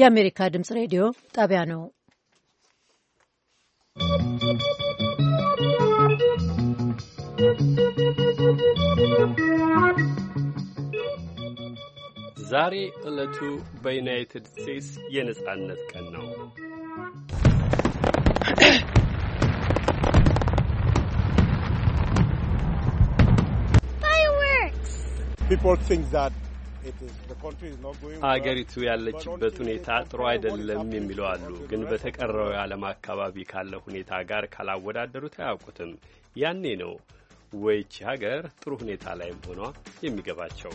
የአሜሪካ ድምፅ ሬዲዮ ጣቢያ ነው። ዛሬ ዕለቱ በዩናይትድ ስቴትስ የነጻነት ቀን ነው። People think that አገሪቱ ያለችበት ሁኔታ ጥሩ አይደለም የሚሉ አሉ። ግን በተቀረው የዓለም አካባቢ ካለ ሁኔታ ጋር ካላወዳደሩት አያውቁትም። ያኔ ነው ወይቺ ሀገር ጥሩ ሁኔታ ላይ ሆኗ የሚገባቸው።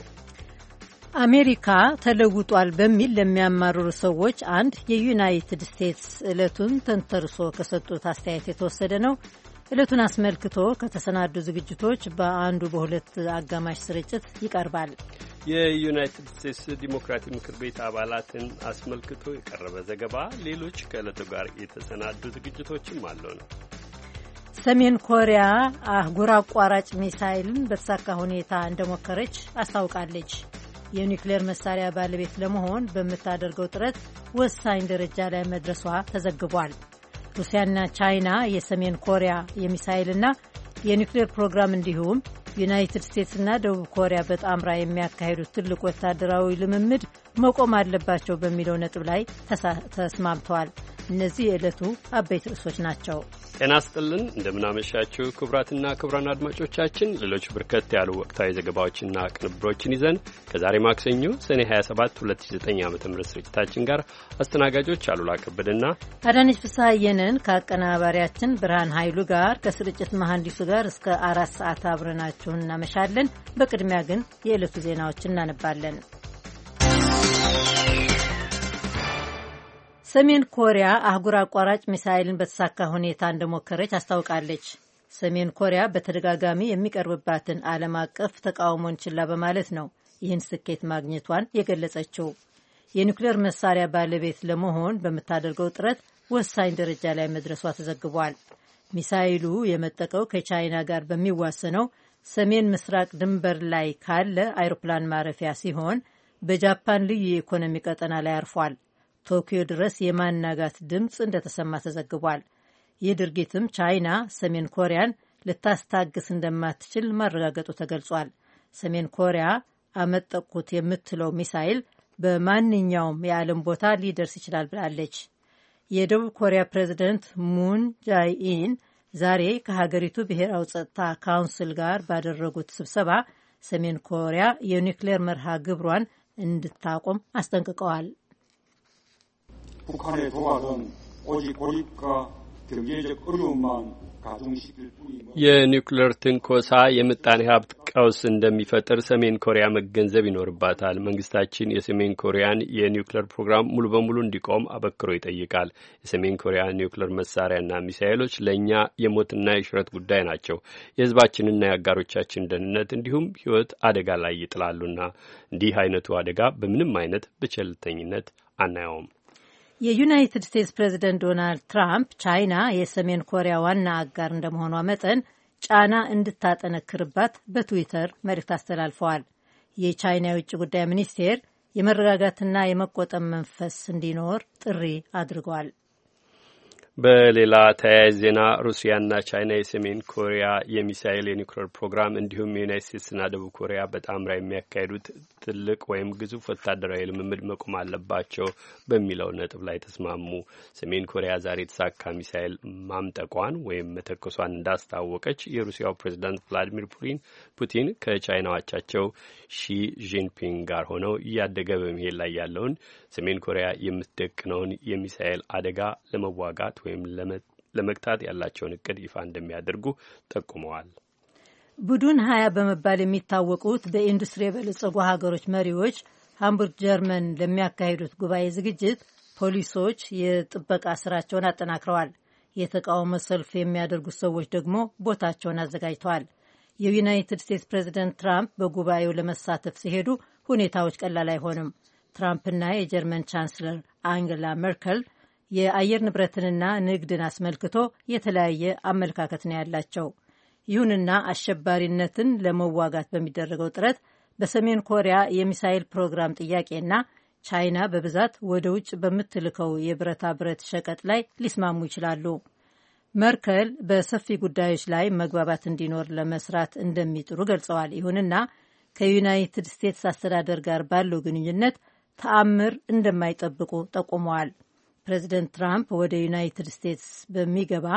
አሜሪካ ተለውጧል በሚል ለሚያማርሩ ሰዎች አንድ የዩናይትድ ስቴትስ ዕለቱን ተንተርሶ ከሰጡት አስተያየት የተወሰደ ነው። ዕለቱን አስመልክቶ ከተሰናዱ ዝግጅቶች በአንዱ በሁለት አጋማሽ ስርጭት ይቀርባል። የዩናይትድ ስቴትስ ዲሞክራቲ ምክር ቤት አባላትን አስመልክቶ የቀረበ ዘገባ፣ ሌሎች ከዕለቱ ጋር የተሰናዱ ዝግጅቶችም አለው ነው። ሰሜን ኮሪያ አህጉር አቋራጭ ሚሳይልን በተሳካ ሁኔታ እንደሞከረች አስታውቃለች። የኒውክሌር መሳሪያ ባለቤት ለመሆን በምታደርገው ጥረት ወሳኝ ደረጃ ላይ መድረሷ ተዘግቧል። ሩሲያና ቻይና የሰሜን ኮሪያ የሚሳይልና የኒውክሌር ፕሮግራም እንዲሁም ዩናይትድ ስቴትስና ደቡብ ኮሪያ በጣምራ የሚያካሂዱት ትልቅ ወታደራዊ ልምምድ መቆም አለባቸው በሚለው ነጥብ ላይ ተስማምተዋል። እነዚህ የዕለቱ አበይት ርዕሶች ናቸው። ጤና ስጥልን፣ እንደምናመሻችው ክቡራትና ክቡራን አድማጮቻችን ሌሎች በርከት ያሉ ወቅታዊ ዘገባዎችና ቅንብሮችን ይዘን ከዛሬ ማክሰኞ ሰኔ 27 2009 ዓ ም ስርጭታችን ጋር አስተናጋጆች አሉላ ከበደና አዳነች ፍስሐየንን ከአቀናባሪያችን ብርሃን ኃይሉ ጋር ከስርጭት መሐንዲሱ ጋር እስከ አራት ሰዓት አብረናችሁን እናመሻለን። በቅድሚያ ግን የዕለቱ ዜናዎችን እናነባለን። ሰሜን ኮሪያ አህጉር አቋራጭ ሚሳይልን በተሳካ ሁኔታ እንደሞከረች አስታውቃለች። ሰሜን ኮሪያ በተደጋጋሚ የሚቀርብባትን ዓለም አቀፍ ተቃውሞን ችላ በማለት ነው ይህን ስኬት ማግኘቷን የገለጸችው። የኒውክሌር መሳሪያ ባለቤት ለመሆን በምታደርገው ጥረት ወሳኝ ደረጃ ላይ መድረሷ ተዘግቧል። ሚሳይሉ የመጠቀው ከቻይና ጋር በሚዋሰነው ሰሜን ምስራቅ ድንበር ላይ ካለ አይሮፕላን ማረፊያ ሲሆን በጃፓን ልዩ የኢኮኖሚ ቀጠና ላይ አርፏል። ቶኪዮ ድረስ የማናጋት ድምፅ እንደተሰማ ተዘግቧል። ይህ ድርጊትም ቻይና ሰሜን ኮሪያን ልታስታግስ እንደማትችል ማረጋገጡ ተገልጿል። ሰሜን ኮሪያ አመጠቁት የምትለው ሚሳይል በማንኛውም የዓለም ቦታ ሊደርስ ይችላል ብላለች። የደቡብ ኮሪያ ፕሬዚደንት ሙን ጃይኢን ዛሬ ከሀገሪቱ ብሔራዊ ጸጥታ ካውንስል ጋር ባደረጉት ስብሰባ ሰሜን ኮሪያ የኒውክሌር መርሃ ግብሯን እንድታቆም አስጠንቅቀዋል። 북한의 도발은 오직 고립과 경제적 어려움만 가중시킬 ትንኮሳ የምጣኔ ሀብት ቀውስ እንደሚፈጥር ሰሜን ኮሪያ መገንዘብ ይኖርባታል። መንግስታችን የሰሜን ኮሪያን የኒውክሌር ፕሮግራም ሙሉ በሙሉ እንዲቆም አበክሮ ይጠይቃል። የሰሜን ኮሪያ ኒውክሌር መሳሪያና ሚሳይሎች ለእኛ የሞትና የሽረት ጉዳይ ናቸው። የህዝባችንና የአጋሮቻችን ደህንነት እንዲሁም ህይወት አደጋ ላይ ይጥላሉና እንዲህ አይነቱ አደጋ በምንም አይነት በቸልተኝነት አናየውም። የዩናይትድ ስቴትስ ፕሬዚደንት ዶናልድ ትራምፕ ቻይና የሰሜን ኮሪያ ዋና አጋር እንደመሆኗ መጠን ጫና እንድታጠነክርባት በትዊተር መልእክት አስተላልፈዋል። የቻይና የውጭ ጉዳይ ሚኒስቴር የመረጋጋትና የመቆጠብ መንፈስ እንዲኖር ጥሪ አድርጓል። በሌላ ተያያዥ ዜና ሩሲያና ቻይና የሰሜን ኮሪያ የሚሳኤል የኒውክሌር ፕሮግራም እንዲሁም የዩናይት ስቴትስና ደቡብ ኮሪያ በጣምራ የሚያካሂዱት ትልቅ ወይም ግዙፍ ወታደራዊ ልምምድ መቆም አለባቸው በሚለው ነጥብ ላይ ተስማሙ። ሰሜን ኮሪያ ዛሬ የተሳካ ሚሳኤል ማምጠቋን ወይም መተኮሷን እንዳስታወቀች የሩሲያው ፕሬዚዳንት ቭላዲሚር ፑቲን ፑቲን ከቻይናዎቻቸው ሺ ዢንፒንግ ጋር ሆነው እያደገ በመሄድ ላይ ያለውን ሰሜን ኮሪያ የምትደቅነውን የሚሳኤል አደጋ ለመዋጋት ወይም ለመግታት ያላቸውን እቅድ ይፋ እንደሚያደርጉ ጠቁመዋል። ቡድን ሀያ በመባል የሚታወቁት በኢንዱስትሪ የበለጸጉ ሀገሮች መሪዎች ሃምቡርግ ጀርመን ለሚያካሂዱት ጉባኤ ዝግጅት ፖሊሶች የጥበቃ ስራቸውን አጠናክረዋል። የተቃውሞ ሰልፍ የሚያደርጉት ሰዎች ደግሞ ቦታቸውን አዘጋጅተዋል። የዩናይትድ ስቴትስ ፕሬዚደንት ትራምፕ በጉባኤው ለመሳተፍ ሲሄዱ ሁኔታዎች ቀላል አይሆንም። ትራምፕና የጀርመን ቻንስለር አንገላ ሜርከል የአየር ንብረትንና ንግድን አስመልክቶ የተለያየ አመለካከት ነው ያላቸው። ይሁንና አሸባሪነትን ለመዋጋት በሚደረገው ጥረት በሰሜን ኮሪያ የሚሳይል ፕሮግራም ጥያቄና ቻይና በብዛት ወደ ውጭ በምትልከው የብረታ ብረት ሸቀጥ ላይ ሊስማሙ ይችላሉ። መርከል በሰፊ ጉዳዮች ላይ መግባባት እንዲኖር ለመስራት እንደሚጥሩ ገልጸዋል። ይሁንና ከዩናይትድ ስቴትስ አስተዳደር ጋር ባለው ግንኙነት ተአምር እንደማይጠብቁ ጠቁመዋል። ፕሬዚደንት ትራምፕ ወደ ዩናይትድ ስቴትስ በሚገባ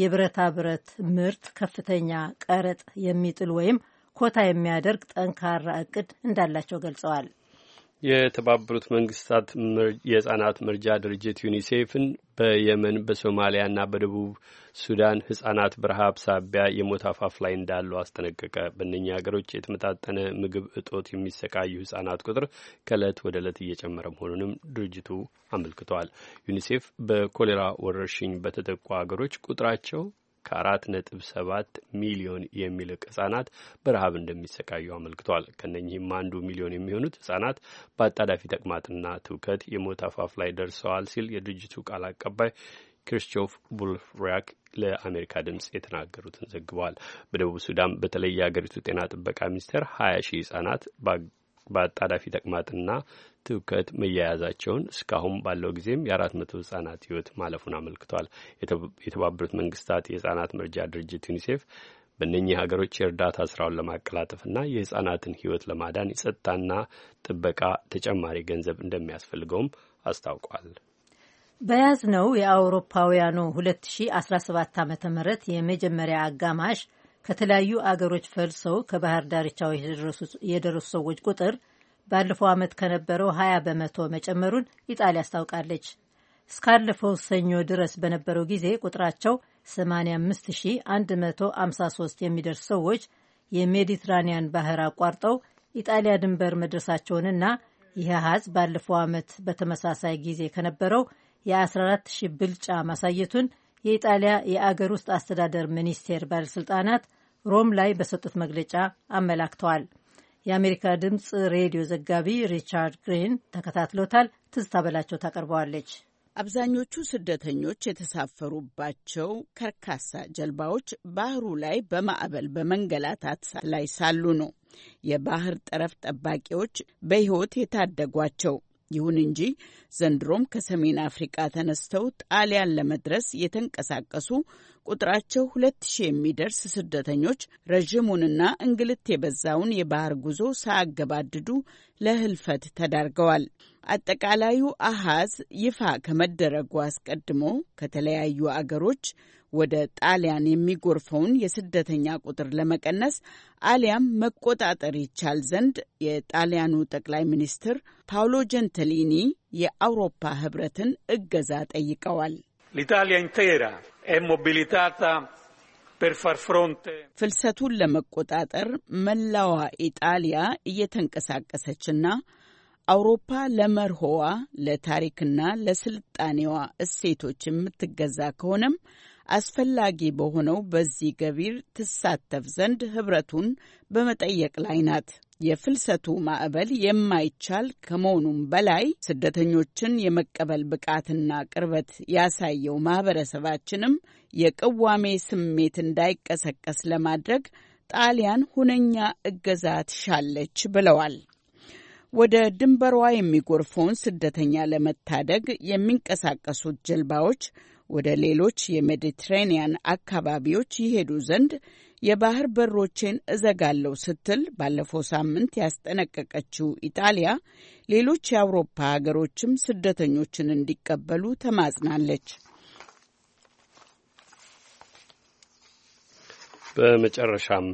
የብረታ ብረት ምርት ከፍተኛ ቀረጥ የሚጥል ወይም ኮታ የሚያደርግ ጠንካራ እቅድ እንዳላቸው ገልጸዋል። የተባበሩት መንግስታት የህጻናት መርጃ ድርጅት ዩኒሴፍን በየመን በሶማሊያና በደቡብ ሱዳን ህጻናት በረሃብ ሳቢያ የሞት አፋፍ ላይ እንዳሉ አስጠነቀቀ። በእነኛ ሀገሮች የተመጣጠነ ምግብ እጦት የሚሰቃዩ ህጻናት ቁጥር ከእለት ወደ እለት እየጨመረ መሆኑንም ድርጅቱ አመልክቷል። ዩኒሴፍ በኮሌራ ወረርሽኝ በተጠቁ ሀገሮች ቁጥራቸው ከአራት ነጥብ ሰባት ሚሊዮን የሚልቅ ህጻናት በረሃብ እንደሚሰቃዩ አመልክቷል። ከነኚህም አንዱ ሚሊዮን የሚሆኑት ህጻናት በአጣዳፊ ተቅማጥና ትውከት የሞት አፋፍ ላይ ደርሰዋል ሲል የድርጅቱ ቃል አቀባይ ክሪስቶፍ ቡልፍሪያክ ለአሜሪካ ድምጽ የተናገሩትን ዘግበዋል። በደቡብ ሱዳን በተለይ የአገሪቱ ጤና ጥበቃ ሚኒስቴር ሀያ ሺህ ህጻናት በአጣዳፊ ተቅማጥና ትውከት መያያዛቸውን እስካሁን ባለው ጊዜም የአራት መቶ ህጻናት ህይወት ማለፉን አመልክቷል። የተባበሩት መንግስታት የህጻናት መርጃ ድርጅት ዩኒሴፍ በእነኚህ ሀገሮች የእርዳታ ስራውን ለማቀላጠፍና የህጻናትን ህይወት ለማዳን የጸጥታና ጥበቃ ተጨማሪ ገንዘብ እንደሚያስፈልገውም አስታውቋል። በያዝነው የአውሮፓውያኑ 2017 ዓ ም የመጀመሪያ አጋማሽ ከተለያዩ አገሮች ፈልሰው ከባህር ዳርቻዎች የደረሱ ሰዎች ቁጥር ባለፈው ዓመት ከነበረው 20 በመቶ መጨመሩን ኢጣሊያ አስታውቃለች። እስካለፈው ሰኞ ድረስ በነበረው ጊዜ ቁጥራቸው 85153 የሚደርስ ሰዎች የሜዲትራኒያን ባህር አቋርጠው ኢጣሊያ ድንበር መድረሳቸውንና ይህ አሃዝ ባለፈው ዓመት በተመሳሳይ ጊዜ ከነበረው የ14000 ብልጫ ማሳየቱን የኢጣሊያ የአገር ውስጥ አስተዳደር ሚኒስቴር ባለሥልጣናት ሮም ላይ በሰጡት መግለጫ አመላክተዋል። የአሜሪካ ድምፅ ሬዲዮ ዘጋቢ ሪቻርድ ግሬን ተከታትሎታል። ትዝታ በላቸው ታቀርበዋለች። አብዛኞቹ ስደተኞች የተሳፈሩባቸው ከርካሳ ጀልባዎች ባህሩ ላይ በማዕበል በመንገላታት ላይ ሳሉ ነው የባህር ጠረፍ ጠባቂዎች በሕይወት የታደጓቸው። ይሁን እንጂ ዘንድሮም ከሰሜን አፍሪቃ ተነስተው ጣሊያን ለመድረስ የተንቀሳቀሱ ቁጥራቸው ሁለት ሺህ የሚደርስ ስደተኞች ረዥሙንና እንግልት የበዛውን የባህር ጉዞ ሳያገባድዱ ለህልፈት ተዳርገዋል። አጠቃላዩ አሃዝ ይፋ ከመደረጉ አስቀድሞ ከተለያዩ አገሮች ወደ ጣሊያን የሚጎርፈውን የስደተኛ ቁጥር ለመቀነስ አሊያም መቆጣጠር ይቻል ዘንድ የጣሊያኑ ጠቅላይ ሚኒስትር ፓውሎ ጀንተሊኒ የአውሮፓ ህብረትን እገዛ ጠይቀዋል። L'Italia intera è mobilitata per far fronte ፍልሰቱን ለመቆጣጠር መላዋ ኢጣሊያ እየተንቀሳቀሰችና አውሮፓ ለመርሆዋ ለታሪክና ለስልጣኔዋ እሴቶች የምትገዛ ከሆነም አስፈላጊ በሆነው በዚህ ገቢር ትሳተፍ ዘንድ ህብረቱን በመጠየቅ ላይ ናት። የፍልሰቱ ማዕበል የማይቻል ከመሆኑም በላይ ስደተኞችን የመቀበል ብቃትና ቅርበት ያሳየው ማህበረሰባችንም የቅዋሜ ስሜት እንዳይቀሰቀስ ለማድረግ ጣሊያን ሁነኛ እገዛ ትሻለች ብለዋል። ወደ ድንበሯ የሚጎርፈውን ስደተኛ ለመታደግ የሚንቀሳቀሱት ጀልባዎች ወደ ሌሎች የሜዲትሬኒያን አካባቢዎች ይሄዱ ዘንድ የባህር በሮቼን እዘጋለሁ ስትል ባለፈው ሳምንት ያስጠነቀቀችው ኢጣሊያ ሌሎች የአውሮፓ ሀገሮችም ስደተኞችን እንዲቀበሉ ተማጽናለች። በመጨረሻም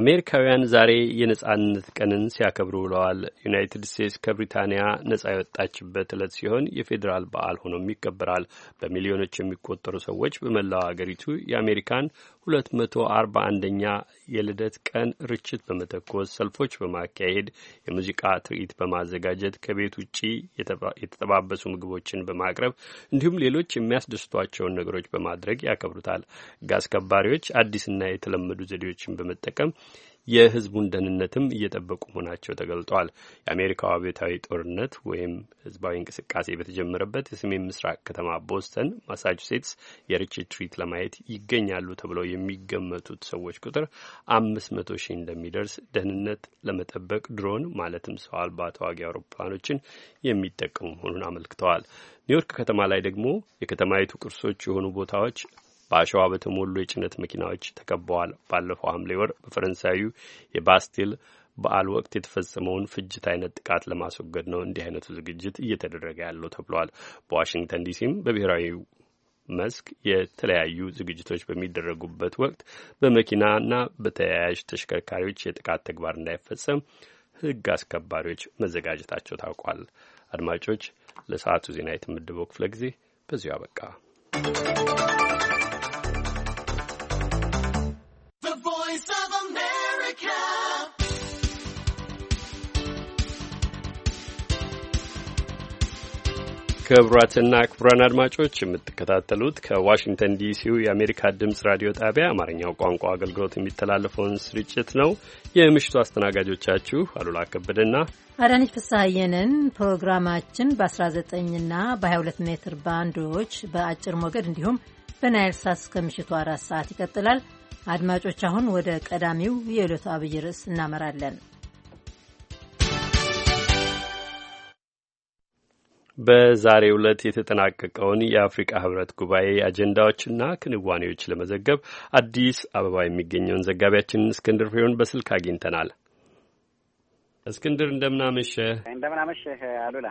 አሜሪካውያን ዛሬ የነጻነት ቀንን ሲያከብሩ ውለዋል። ዩናይትድ ስቴትስ ከብሪታንያ ነጻ የወጣችበት ዕለት ሲሆን የፌዴራል በዓል ሆኖም ይከበራል። በሚሊዮኖች የሚቆጠሩ ሰዎች በመላው አገሪቱ የአሜሪካን ሁለት መቶ አርባ አንደኛ የልደት ቀን ርችት በመተኮስ ሰልፎች በማካሄድ የሙዚቃ ትርኢት በማዘጋጀት ከቤት ውጪ የተጠባበሱ ምግቦችን በማቅረብ እንዲሁም ሌሎች የሚያስደስቷቸውን ነገሮች በማድረግ ያከብሩታል። ሕግ አስከባሪዎች አዲስና የተለመዱ ዘዴዎችን በመጠቀም የህዝቡን ደህንነትም እየጠበቁ መሆናቸው ተገልጧል። የአሜሪካው አብዮታዊ ጦርነት ወይም ህዝባዊ እንቅስቃሴ በተጀመረበት የሰሜን ምስራቅ ከተማ ቦስተን ማሳቹሴትስ የሪትሪት ለማየት ይገኛሉ ተብለው የሚገመቱት ሰዎች ቁጥር አምስት መቶ ሺህ እንደሚደርስ ደህንነት ለመጠበቅ ድሮን ማለትም ሰው አልባ ተዋጊ አውሮፕላኖችን የሚጠቀሙ መሆኑን አመልክተዋል። ኒውዮርክ ከተማ ላይ ደግሞ የከተማይቱ ቅርሶች የሆኑ ቦታዎች በአሸዋ በተሞሉ የጭነት መኪናዎች ተከበዋል። ባለፈው ሐምሌ ወር በፈረንሳዩ የባስቲል በዓል ወቅት የተፈጸመውን ፍጅት አይነት ጥቃት ለማስወገድ ነው እንዲህ አይነቱ ዝግጅት እየተደረገ ያለው ተብሏል። በዋሽንግተን ዲሲም በብሔራዊ መስክ የተለያዩ ዝግጅቶች በሚደረጉበት ወቅት በመኪናና በተያያዥ ተሽከርካሪዎች የጥቃት ተግባር እንዳይፈጸም ሕግ አስከባሪዎች መዘጋጀታቸው ታውቋል። አድማጮች፣ ለሰዓቱ ዜና የተመደበው ክፍለ ጊዜ በዚሁ አበቃ። ክቡራትና ክቡራን አድማጮች የምትከታተሉት ከዋሽንግተን ዲሲው የአሜሪካ ድምፅ ራዲዮ ጣቢያ አማርኛው ቋንቋ አገልግሎት የሚተላለፈውን ስርጭት ነው። የምሽቱ አስተናጋጆቻችሁ አሉላ ከበደና አዳነች ፍስሐየንን። ፕሮግራማችን በ19ና በ22 ሜትር ባንዶች በአጭር ሞገድ እንዲሁም በናይል ሳት እስከ ምሽቱ አራት ሰዓት ይቀጥላል። አድማጮች አሁን ወደ ቀዳሚው የዕለቱ አብይ ርዕስ እናመራለን። በዛሬ ዕለት የተጠናቀቀውን የአፍሪቃ ህብረት ጉባኤ አጀንዳዎችና ክንዋኔዎች ለመዘገብ አዲስ አበባ የሚገኘውን ዘጋቢያችንን እስክንድር ፍሬውን በስልክ አግኝተናል። እስክንድር እንደምናመሸህ። እንደምናመሸ አሉላ።